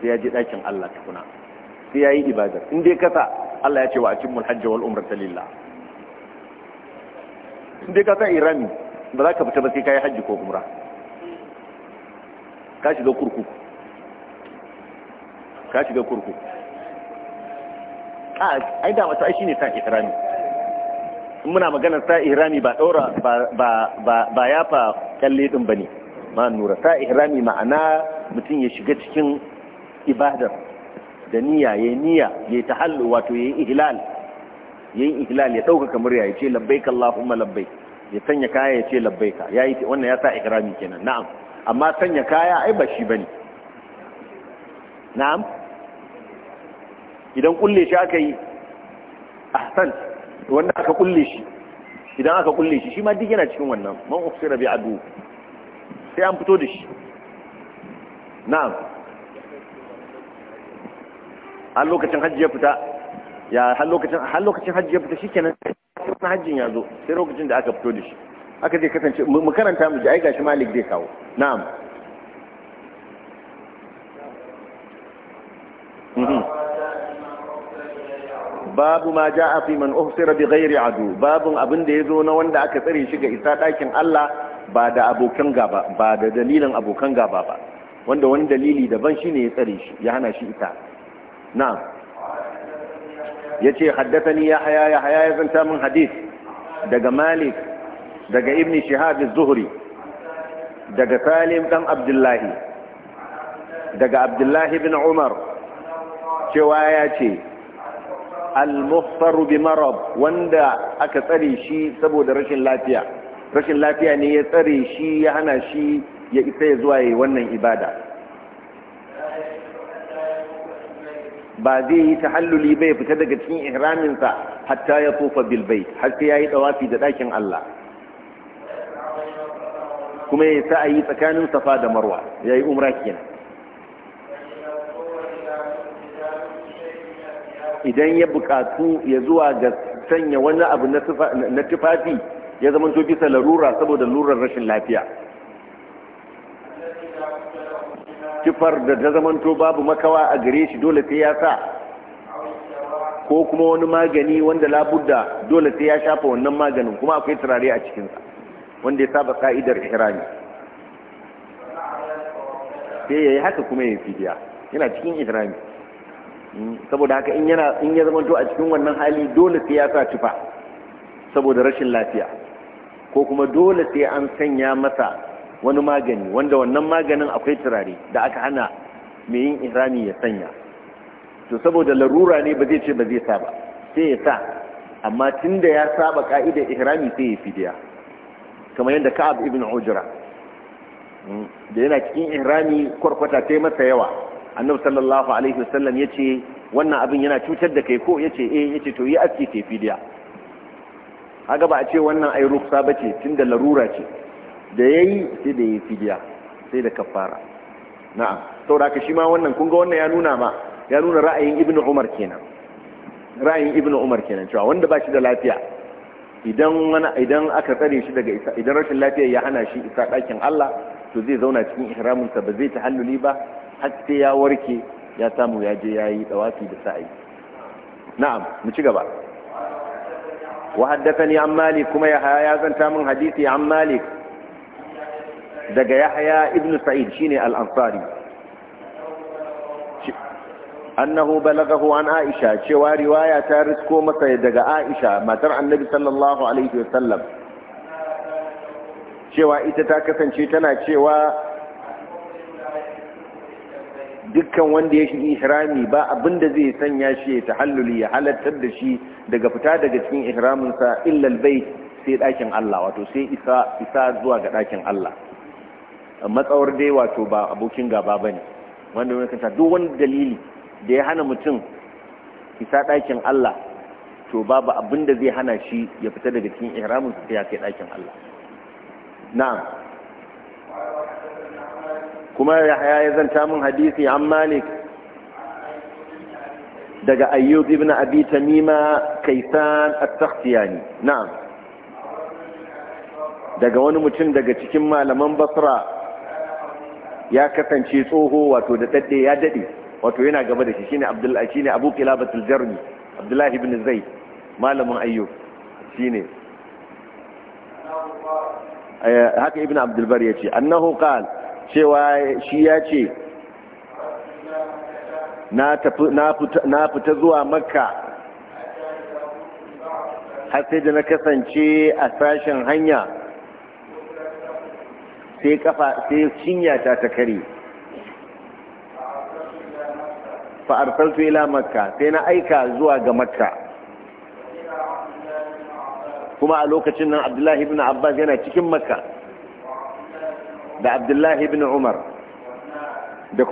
sai ya je ɗakin Allah tukuna sai ya yi ibadar in dai kasa Allah ya ce wa cikin hajj wal umrata lillah in dai kasa irami ba za ka fita ba sai ka yi hajji ko umra ka shiga kurkuku ka shiga kurkuku ai da mata shine sa ihrami in muna maganar sa ihrami ba daura ba ba ba yafa kalle din bane ma nura sa ihrami ma'ana mutum ya shiga cikin ibadar da niyya ya niyya ya tahallu wato ya ihlal ya ihlal ya dauka kamar ya ce labbaik allahumma labbaik ya sanya kaya ya ce labbaika yayi wannan ya sa ihrami kenan na'am amma sanya kaya ai ba shi bane na'am idan kulle shi aka yi ahsan wanda aka kulle shi idan aka kulle shi shi ma duk yana cikin wannan man ufsira bi adu sai an fito da shi na'am a lokacin hajji ya fita ya har lokacin har lokacin hajji ya fita shikenan sai wannan hajjin ya zo sai lokacin da aka fito da shi aka zai kasance mu karanta mu ji ai gashi malik zai kawo na'am mhm babu ma a fi man uhsira bi ghairi adu babun abin da zo na wanda aka tsare shi ga isa dakin Allah ba da abokan gaba ba da dalilin abokan gaba ba wanda wani dalili daban ne ya tsare shi ya hana shi ita ce yace ni ya haya ya haya ya zanta min hadith daga malik daga ibn shihab zuhri daga salim dan abdullahi daga abdullahi bin umar cewa ya ce al-muhtaru bi marad wanda aka tsare shi saboda rashin lafiya rashin lafiya ne ya tsare shi ya hana shi ya isa ya zuwa yi wannan ibada ba zai yi tahalluli bai fita daga cikin ihraminsa hatta ya tofa bilbai har sai ya yi tsawafi da ɗakin Allah kuma ya sa a yi tsakanin safa da marwa ya yi umra kenan idan ya bukatu ya zuwa ga sanya wani abu na tufafi ya zama to bisa larura saboda lurar rashin lafiya tufar da ta zama to babu makawa a gare shi dole sai ya sa ko kuma wani magani wanda labudda dole sai ya shafa wannan maganin kuma akwai turare a cikinsa wanda ya saba ka'idar ihrami sai ya yi haka kuma ya fidiya yana cikin ihrami saboda haka in yana in ya zama to a cikin wannan hali dole sai ya sa tufa saboda rashin lafiya ko kuma dole sai an sanya masa wani magani wanda wannan maganin akwai turare da aka hana mai yin ihrami ya sanya to saboda larura ne ba zai ce ba zai sa ba sai ya sa amma tunda ya saba ka'idar ihrami sai ya fidiya kamar yadda Ka'ab ibn Ujra mm, da yana cikin ihrami kwarkwata ta masa yawa annabi sallallahu alaihi wasallam ya ce wannan abin yana cutar da kai ko ya ce eh ya ce to yi aski ke fidiya haka ba a ce wannan ai rufsa ba ce tun da larura ce da ya yi sai da ya yi fidiya sai da kafara na'am saboda ka shi ma wannan kun ga wannan ya nuna ma ya nuna ra'ayin ibnu umar kenan ra'ayin ibnu umar kenan cewa wanda ba shi da lafiya idan wani idan aka tsare shi daga idan rashin lafiya ya hana shi isa ɗakin Allah to zai zauna cikin ihramin sa ba zai ta halluli ba har ya warke ya samu ya je yayi dawafi da sa'i na'am mu ci gaba wa haddathani an malik kuma ya ya zanta min hadisi an malik daga yahya ibn sa'id shine al-ansari annahu balagahu an aisha cewa riwaya ta risko masa daga aisha matar annabi sallallahu alaihi wasallam cewa ita ta kasance tana cewa dukkan wanda ya shiga ihrami ba abinda zai sanya shi ya tahalluli ya halattar da shi daga fita daga cikin ihramin sa sai dakin Allah wato sai isa isa zuwa ga dakin Allah matsawar dai wato ba abokin gaba bane wanda wani kanta duk wani dalili da ya hana mutum isa dakin Allah to babu abinda zai hana shi ya fita daga cikin ihramin sai ya kai dakin Allah na'am kuma yahya ya zanta min hadisi an malik daga ayyub ibn abi tamima kaisan at-takhtiyani na'am daga wani mutum daga cikin malaman basra ya kasance tsoho wato da dadde ya dade wato yana gaba da shi shine abdullahi shine abu qilabatul jarmi abdullahi ibn zaid malamin ayyub shine eh, haka ibn abdul bar yace annahu qala cewa shi ya ce na fita zuwa makka har sai da na kasance a sashen hanya sai kafa sai cinya ta ta kare fa'arfarsu ila makka sai na aika zuwa ga makka kuma a lokacin nan abdullahi ibn abbas yana cikin makka da abdullahi ibn umar da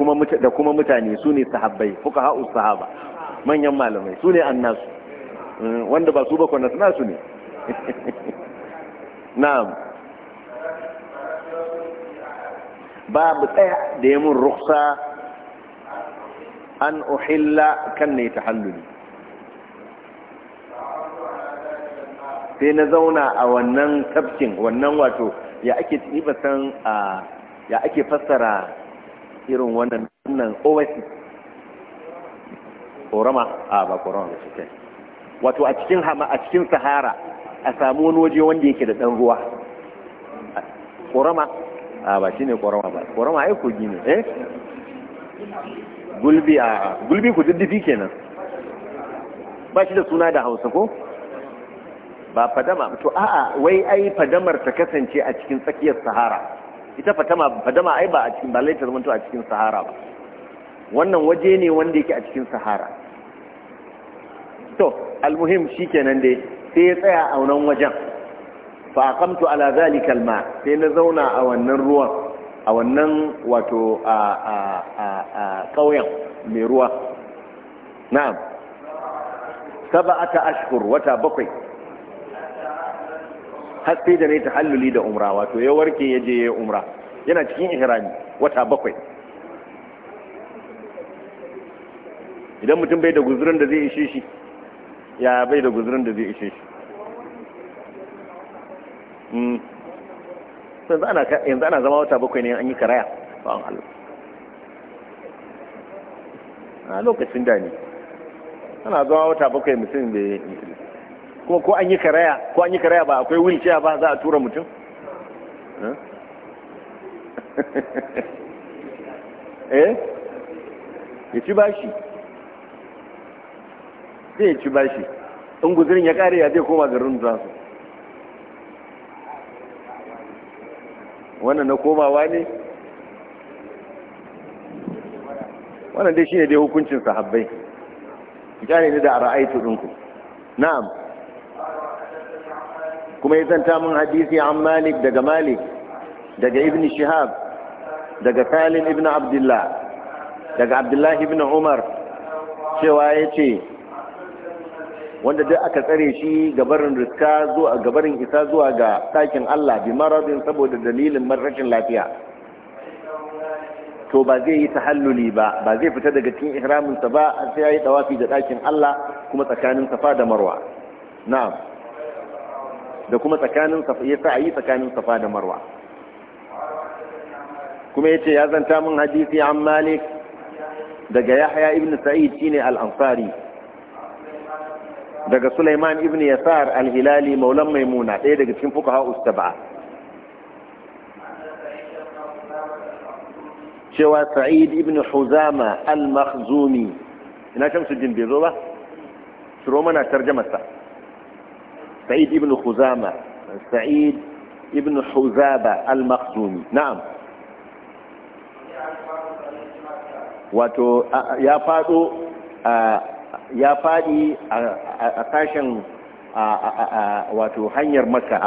kuma mutane su ne sahabbai fuka ha'u sahaba manyan malamai su ne annasu mm, wanda ba su ba kwanas nasu ne na'am babu tsaya da ya mun ruksa an uhilla kan ne ta halluli sai na zauna a wannan tafkin wannan wato ya ake ni ba san a, ya ake fassara irin wannan wannan oasis korama a ba korama da shi wato a cikin hama a cikin sahara a samu wani waje wanda yake da dan ruwa korama a ba shine korama ba korama ai kogi ne eh gulbi a gulbi ku diddifi kenan ba shi da suna da Hausa ko ba fadama to a'a wai ai fadamar ta kasance a cikin tsakiyar sahara ita fadama fadama ai ba a cikin ba laita zamanto a cikin sahara ba wannan waje ne wanda yake a cikin sahara to almuhim shikenan dai sai ya tsaya a wannan wajen fa aqamtu ala zalika alma sai na zauna a wannan ruwan a wannan wato a a a, a kauyen mai ruwa na'am sab'ata ashhur wata bakwai Haske da ne halluli da umra wato ya warke ya je ya umra yana cikin ihrami wata bakwai idan mutum bai da guzurin da zai ishe shi ya bai da guzurin da zai ishe shi hmm. yanzu ana zama wata bakwai ne an yi karaya an halu a lokacin da ne ana zama wata bakwai mutum da kuma ko an yi karaya ko an yi karaya ba akwai wilciya ba za a tura mutum eh ya ci bashi zai ci bashi in guzirin ya kare ya zai koma garin zasu wannan na komawa ne wannan dai shi ne dai hukuncin sahabbai ya ne da a ra'aitu ɗinku na'am kuma ya zanta mun hadisi an malik daga malik daga ibn shihab daga salim ibn abdullah daga abdullahi ibn umar cewa ya ce wanda duk aka tsare shi gabarin riska zuwa gabarin isa zuwa ga sakin allah bi maradin saboda dalilin rashin lafiya to ba zai yi tahalluli ba ba zai fita daga cikin sa ba sai ya yi dawafi da ɗakin allah kuma tsakanin safa da marwa na'am da kuma tsakanin ya sa'ayi tsakanin safa da marwa kuma ya ce ya zanta min hadisi an malik daga yahya ibn sa'id shine al-ansari daga sulaiman ibn yasar al-hilali maulan maimuna ɗaya daga cikin fuqaha ustaba cewa sa'id ibn huzama al-makhzumi ina shamsuddin bai zo ba shiro mana tarjamarsa سعيد ابن خزامة سعيد ابن حزابة المخزومي نعم wato ya fado ya fadi a sashen wato hanyar makka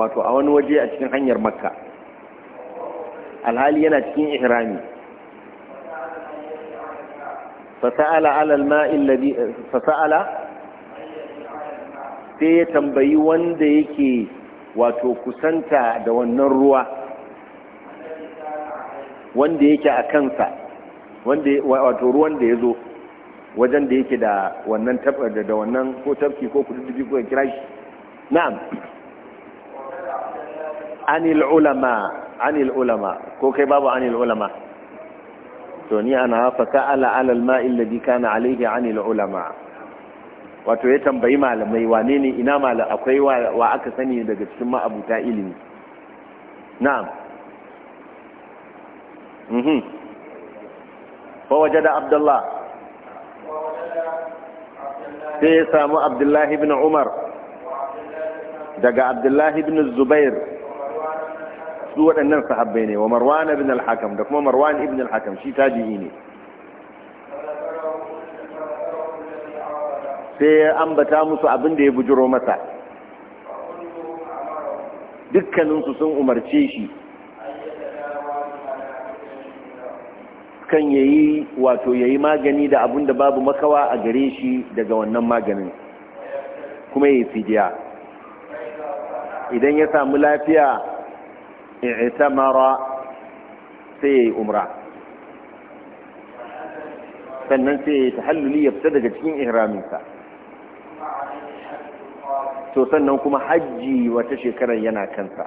wato a wani waje a cikin hanyar makka alhali yana cikin ihrami fasa'ala alal ma'il ladhi fasa'ala sai ya tambayi wanda yake wato kusanta da wannan ruwa wanda yake a kansa wato ruwan da ya zo wajen da yake da wannan da wannan ko tafki ko kududdufi ko kira shi na'am anil ulama anil ulama ko kai babu anil ulama to ni ana fa ka'ala ala ma'il mai alladhi kana alayhi anil ulama wato ya tambayi malamai wane ne ina malamai akwai wa aka sani daga cikin ma'abuta ilimi na'am mhm fa da abdullah sai ya samu abdullahi ibn umar daga abdullahi ibn zubair su waɗannan sahabbai ne wa marwan ibn al-hakam da kuma marwan ibn al-hakam shi tajihi ne sai ya ambata musu abin da ya bujiro masa dukkaninsu sun umarce shi kan yayi wato yayi magani da abin da babu makawa a gare shi daga wannan maganin kuma yayi fidiya idan ya samu lafiya i'tamara sai yi umra sannan sai yayi tahalluli ya fita daga cikin ihraminsa to sannan kuma hajji wata shekarar yana kansa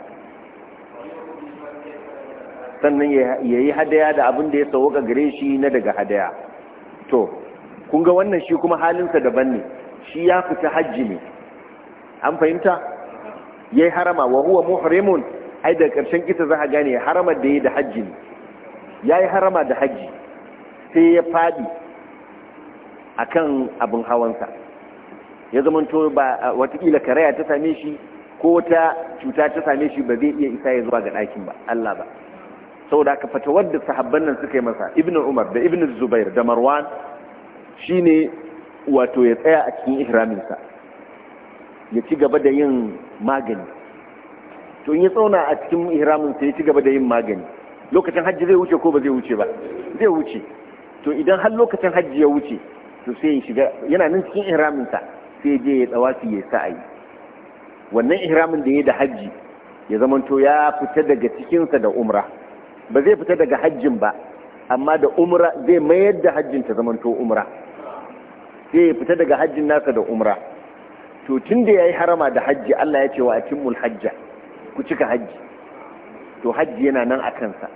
sannan ya yi hadaya da abin da ya sauka gare shi na daga hadaya to kun ga wannan shi kuma halinsa daban ne shi ya fita hajji ne an fahimta ya yi harama wa huwa muhrimun ai da karshen kisa za a gane harama da ya da hajji ne ya yi harama da hajji sai ya fadi a kan abin hawansa ya zama to ba watakila karaya ta same shi ko wata cuta ta same shi ba zai iya isa ya zuwa ga ɗakin ba Allah ba saboda ka fata wadda sahabban nan suka yi masa ibn umar da ibn zubair da marwan shine wato ya tsaya a cikin sa ya ci gaba da yin magani to in ya tsauna a cikin sa ya ci gaba da yin magani lokacin hajji zai wuce ko ba zai wuce ba zai wuce to idan har lokacin hajji ya wuce to sai ya shiga yana nan cikin sa sai je ya tsawafi ya sa'ayi wannan ihramin da ya da hajji ya zamanto ya fita daga cikinsa da umra ba zai fita daga hajjin ba amma da umra zai mayar da hajjin ta zamanto umra sai ya fita daga hajjin nasa da umra to tun da ya yi harama da hajji Allah ya ce wa atimul hajja ku cika hajji to hajji yana nan a kansa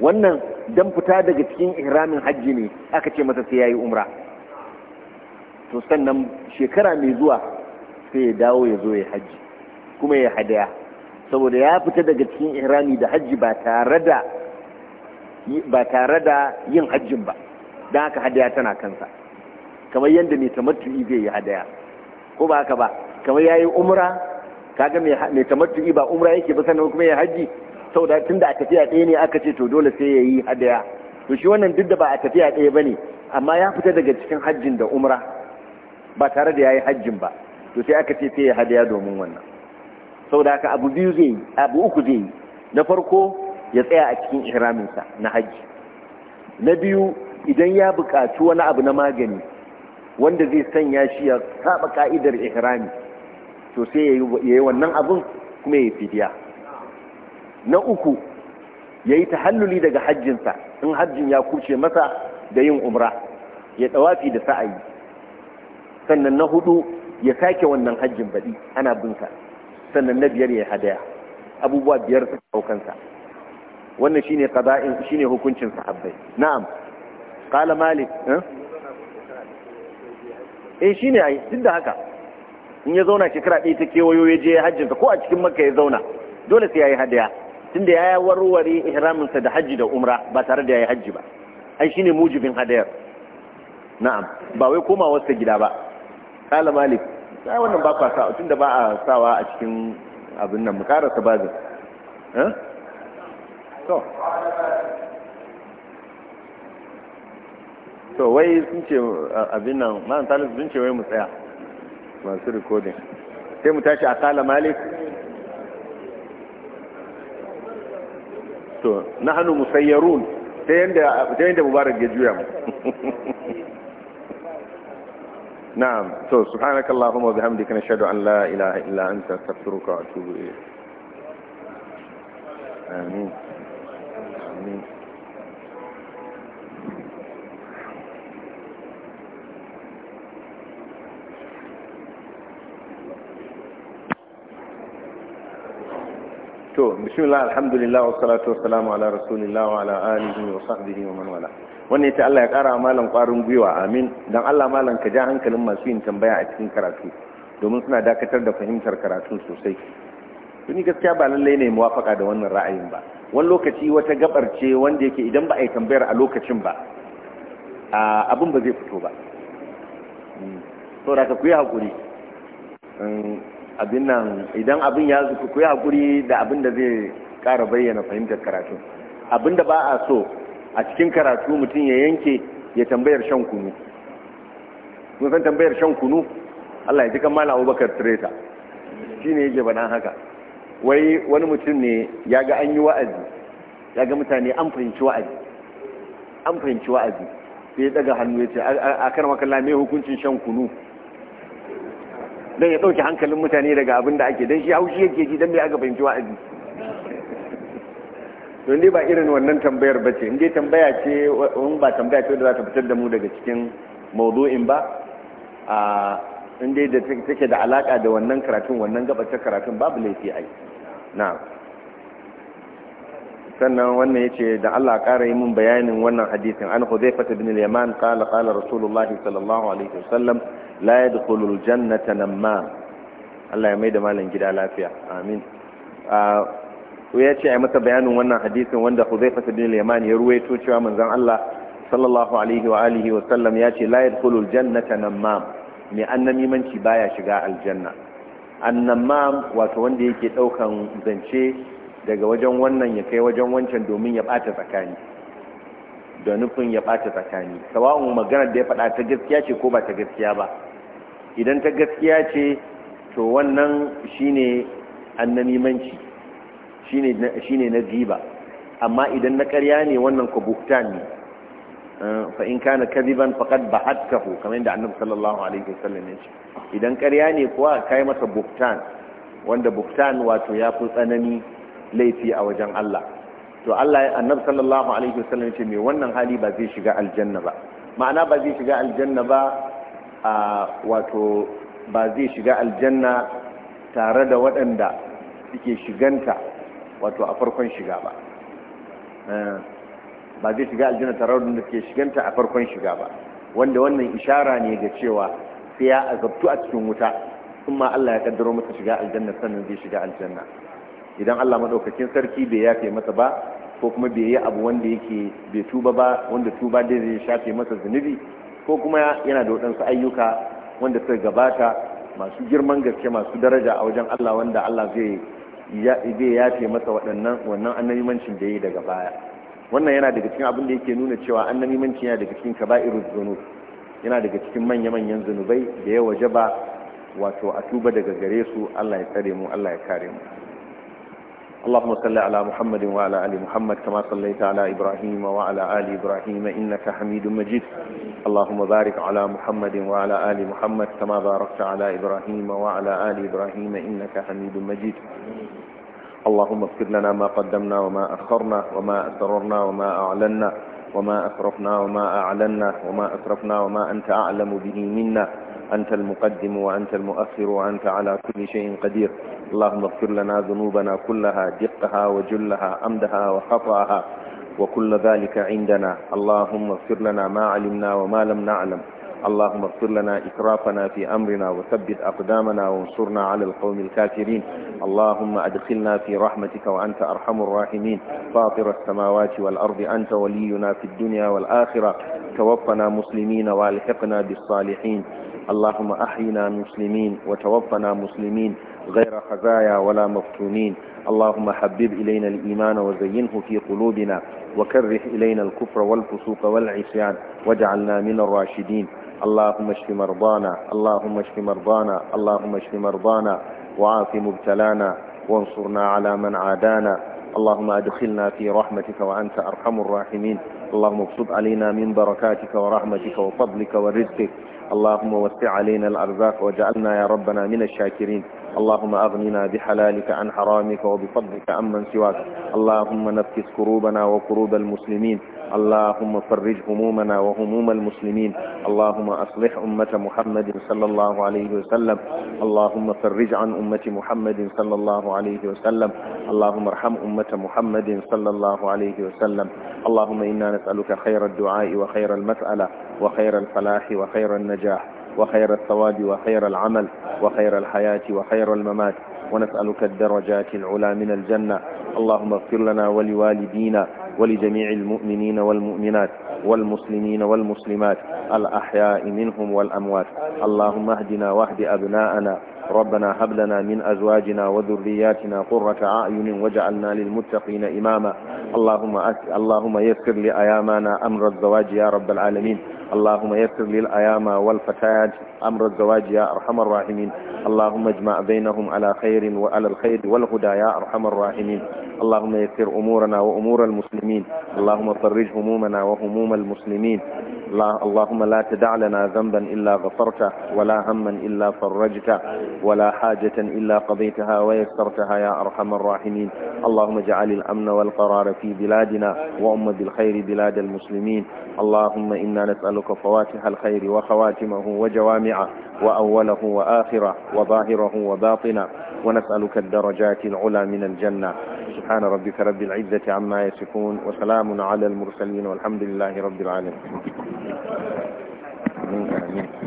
wannan don fita daga cikin ihramin hajji ne aka ce masa sai ya yi umra to sannan shekara mai zuwa sai ya dawo ya zo ya hajji kuma ya hadaya saboda ya fita daga cikin ihrami da hajji ba tare da ba tare da yin hajjin ba don haka hadaya tana kansa kamar yadda mai tamattu'i zai yi hadaya ko ba haka ba kamar ya yi umra kaga mai tamattu'i ba umra yake ba sannan kuma ya hajji saboda tun da a tafiya ɗaya ne aka ce to dole sai ya yi hadaya to shi wannan duk da ba a tafiya ɗaya ba ne amma ya fita daga cikin hajjin da umra ba tare da ya yi hajjin ba to sai aka ce sai ya hadiya domin wannan saboda haka abu biyu zai yi abu uku zai yi na farko ya tsaya a cikin ihraminsa na hajji na biyu idan ya buƙaci wani abu na magani wanda zai sanya shi ya saba ka'idar ihrami to sai ya yi wannan abun kuma ya fidiya na uku ya yi tahalluli daga hajjinsa in hajjin ya kuce masa da yin umra ya ɗawafi da sa'ayi sannan na hudu ya sake wannan hajjin baɗi ana binsa sannan na biyar ya hadaya abubuwa biyar su daukansa wannan shine shi ne hukuncin sahabbai na'am qala malik eh, eh shine ai duk da haka in ya zauna shekara ɗaya ta kewayo ya je hajjinsa ko a cikin makka ya zauna dole sai ya yi hadaya tunda ya yi warware ihraminsa da hajji da umra ba tare da ya yi hajji ba ai shine mujibin hadayar na'am ba wai komawa wasu gida ba kala malik sai wannan ba kwa sawa tunda ba a sawa a cikin abin nan mu karasa bazin eh to to wai sun ce abin nan ma'an talib sun ce wai mu tsaya masu rikodin sai mu tashi a kala malik to na hannu musayyarun ta yadda mubarak ya juya mu نعم سبحانك اللهم وبحمدك نشهد أن لا إله إلا أنت استغفرك وأتوب إليك آمين آمين بسم الله الحمد لله والصلاة والسلام على رسول الله وعلى آله وصحبه ومن والاه wannan yace Allah ya kara malam kwarin gwiwa amin dan Allah malam ka ja hankalin masu yin tambaya a cikin karatu domin suna dakatar da fahimtar karatu sosai tuni gaskiya ba lalle ne muwafaka da wannan ra'ayin ba wani lokaci wata gabar ce wanda yake idan ba a yi tambayar a lokacin ba abin ba zai fito ba hmm. da ka ku yi hakuri hmm, abin nan idan abin ya zuku ku yi hakuri da abin da zai kara bayyana fahimtar karatu abin da ba a so a cikin karatu mutum ya yanke ya tambayar shan kunu mun san tambayar shan kunu Allah ya ji kan malam Abubakar Tresa shine yake bana haka wai wani mutum ne ya ga an yi wa'azi ya ga mutane an fahimci wa'azi an fahimci wa'azi sai ya daga hannu ya ce a kan makalla mai hukuncin shan kunu don ya dauki hankalin mutane daga abin da ake don shi haushi yake ji don mai aka fahimci wa'azi don dai ba irin wannan tambayar ba ce inda tambaya ce wani ba tambaya ce da za ta fitar da mu daga cikin maudu'in ba a inda da take da alaka da wannan karatun wannan gabatar karatun babu laifi ai na sannan wannan ya ce da Allah ƙara yi min bayanin wannan hadisin an fata bin al-yaman qala qala rasulullahi sallallahu alaihi wasallam la yadkhulul jannata namma Allah ya mai da malam gida lafiya amin to ya ce a masa bayanin wannan hadisin wanda Huzaifa bin Yaman ya ruwaito cewa manzon Allah sallallahu alaihi wa alihi wa sallam ya ce la al jannata namam mai annamimanci baya shiga aljanna annamam wato wanda yake daukan zance daga wajen wannan ya kai wajen wancan domin ya bata tsakani da nufin ya bata tsakani sawa'un maganar da ya faɗa ta gaskiya ce ko ba ta gaskiya ba idan ta gaskiya ce to wannan shine annamimanci shine na ziba amma idan na ƙarya ne wannan ku buktan ne eh, fa in kana kadiban faqad bahatkahu kamar yadda annabi sallallahu alaihi wasallam ya ce idan ƙarya ne kuwa kai masa buktan wanda buktan wato ya fi tsanani laifi a wajen Allah to Allah annabi sallallahu alaihi wasallam ya ce me wannan hali ba zai shiga aljanna ba ma'ana ba zai shiga aljanna ba a wato ba zai shiga aljanna tare da waɗanda suke shiganta wato a farkon shiga ba eh, ba zai shiga aljanna raunin da ke shiganta a farkon shiga ba wanda wannan ishara ne ga cewa sai ya azabtu a cikin wuta ma Allah ya kaddaro masa shiga aljanna sannan zai shiga aljanna idan Allah madaukakin sarki bai yafe masa ba ko kuma bai yi abu wanda yake bai tuba ba wanda tuba dai zai shafe masa zunubi ko kuma yana da waɗansu ayyuka wanda suka gabata masu girman gaske masu daraja a wajen Allah wanda Allah zai ya ce masa waɗannan wannan annabimancin da yi daga baya wannan yana daga cikin abin da yake nuna cewa annabimanci yana daga cikin kaba'irul zunub yana daga cikin manya-manyan zunubai da ya wajaba wato a tuba daga gare su Allah ya tsare mu Allah ya kare mu اللهم صل على محمد وعلى ال محمد كما صليت على ابراهيم وعلى ال ابراهيم انك حميد مجيد اللهم بارك على محمد وعلى ال محمد كما باركت على ابراهيم وعلى ال ابراهيم انك حميد مجيد اللهم اغفر لنا ما قدمنا وما اخرنا وما اسررنا وما اعلنا وما اسرفنا وما اعلنا وما اسرفنا وما انت اعلم به منا انت المقدم وانت المؤخر وانت على كل شيء قدير اللهم اغفر لنا ذنوبنا كلها دقها وجلها أمدها وخطأها وكل ذلك عندنا اللهم اغفر لنا ما علمنا وما لم نعلم اللهم اغفر لنا إسرافنا في أمرنا وثبت أقدامنا وانصرنا على القوم الكافرين اللهم أدخلنا في رحمتك وأنت أرحم الراحمين فاطر السماوات والأرض أنت ولينا في الدنيا والآخرة توفنا مسلمين والحقنا بالصالحين اللهم أحينا مسلمين وتوفنا مسلمين غير خزايا ولا مفتونين اللهم حبب إلينا الإيمان وزينه في قلوبنا وكره إلينا الكفر والفسوق والعصيان واجعلنا من الراشدين اللهم اشف مرضانا اللهم اشف مرضانا اللهم اشف مرضانا وعاف مبتلانا وانصرنا على من عادانا اللهم أدخلنا في رحمتك وأنت أرحم الراحمين اللهم ابسط علينا من بركاتك ورحمتك وفضلك ورزقك اللهم وسع علينا الأرزاق وجعلنا يا ربنا من الشاكرين اللهم أغننا بحلالك عن حرامك وبفضلك عن من سواك اللهم نفكس كروبنا وكروب المسلمين اللهم فرج همومنا وهموم المسلمين اللهم أصلح أمة محمد صلى الله عليه وسلم اللهم فرج عن أمة محمد صلى الله عليه وسلم اللهم ارحم أمة محمد صلى الله عليه وسلم اللهم إنا نسألك خير الدعاء وخير المسألة وخير الفلاح وخير النجاح وخير الثواب وخير العمل وخير الحياة وخير الممات ونسألك الدرجات العلى من الجنة اللهم اغفر لنا ولوالدينا ولجميع المؤمنين والمؤمنات والمسلمين والمسلمات الأحياء منهم والأموات اللهم اهدنا واهد أبناءنا ربنا هب لنا من أزواجنا وذرياتنا قرة أعين وجعلنا للمتقين إماما اللهم, اللهم يسر لأيامنا أمر الزواج يا رب العالمين اللهم يسر للأيام والفتاة أمر الزواج يا أرحم الراحمين اللهم اجمع بينهم على خير وعلى الخير والهدى يا أرحم الراحمين اللهم يسر أمورنا وأمور المسلمين اللهم فرج همومنا وهموم المسلمين اللهم لا تدع لنا ذنبا إلا غفرته ولا هما إلا فرجته ولا حاجة إلا قضيتها ويسرتها يا أرحم الراحمين اللهم اجعل الأمن والقرار في بلادنا وأم بالخير بلاد المسلمين اللهم إنا نسأل نسألك فواتح الخير وخواتمه وجوامعه وأوله وآخره وظاهره وباطنه ونسألك الدرجات العلى من الجنة سبحان ربك رب العزة عما يصفون وسلام على المرسلين والحمد لله رب العالمين آمين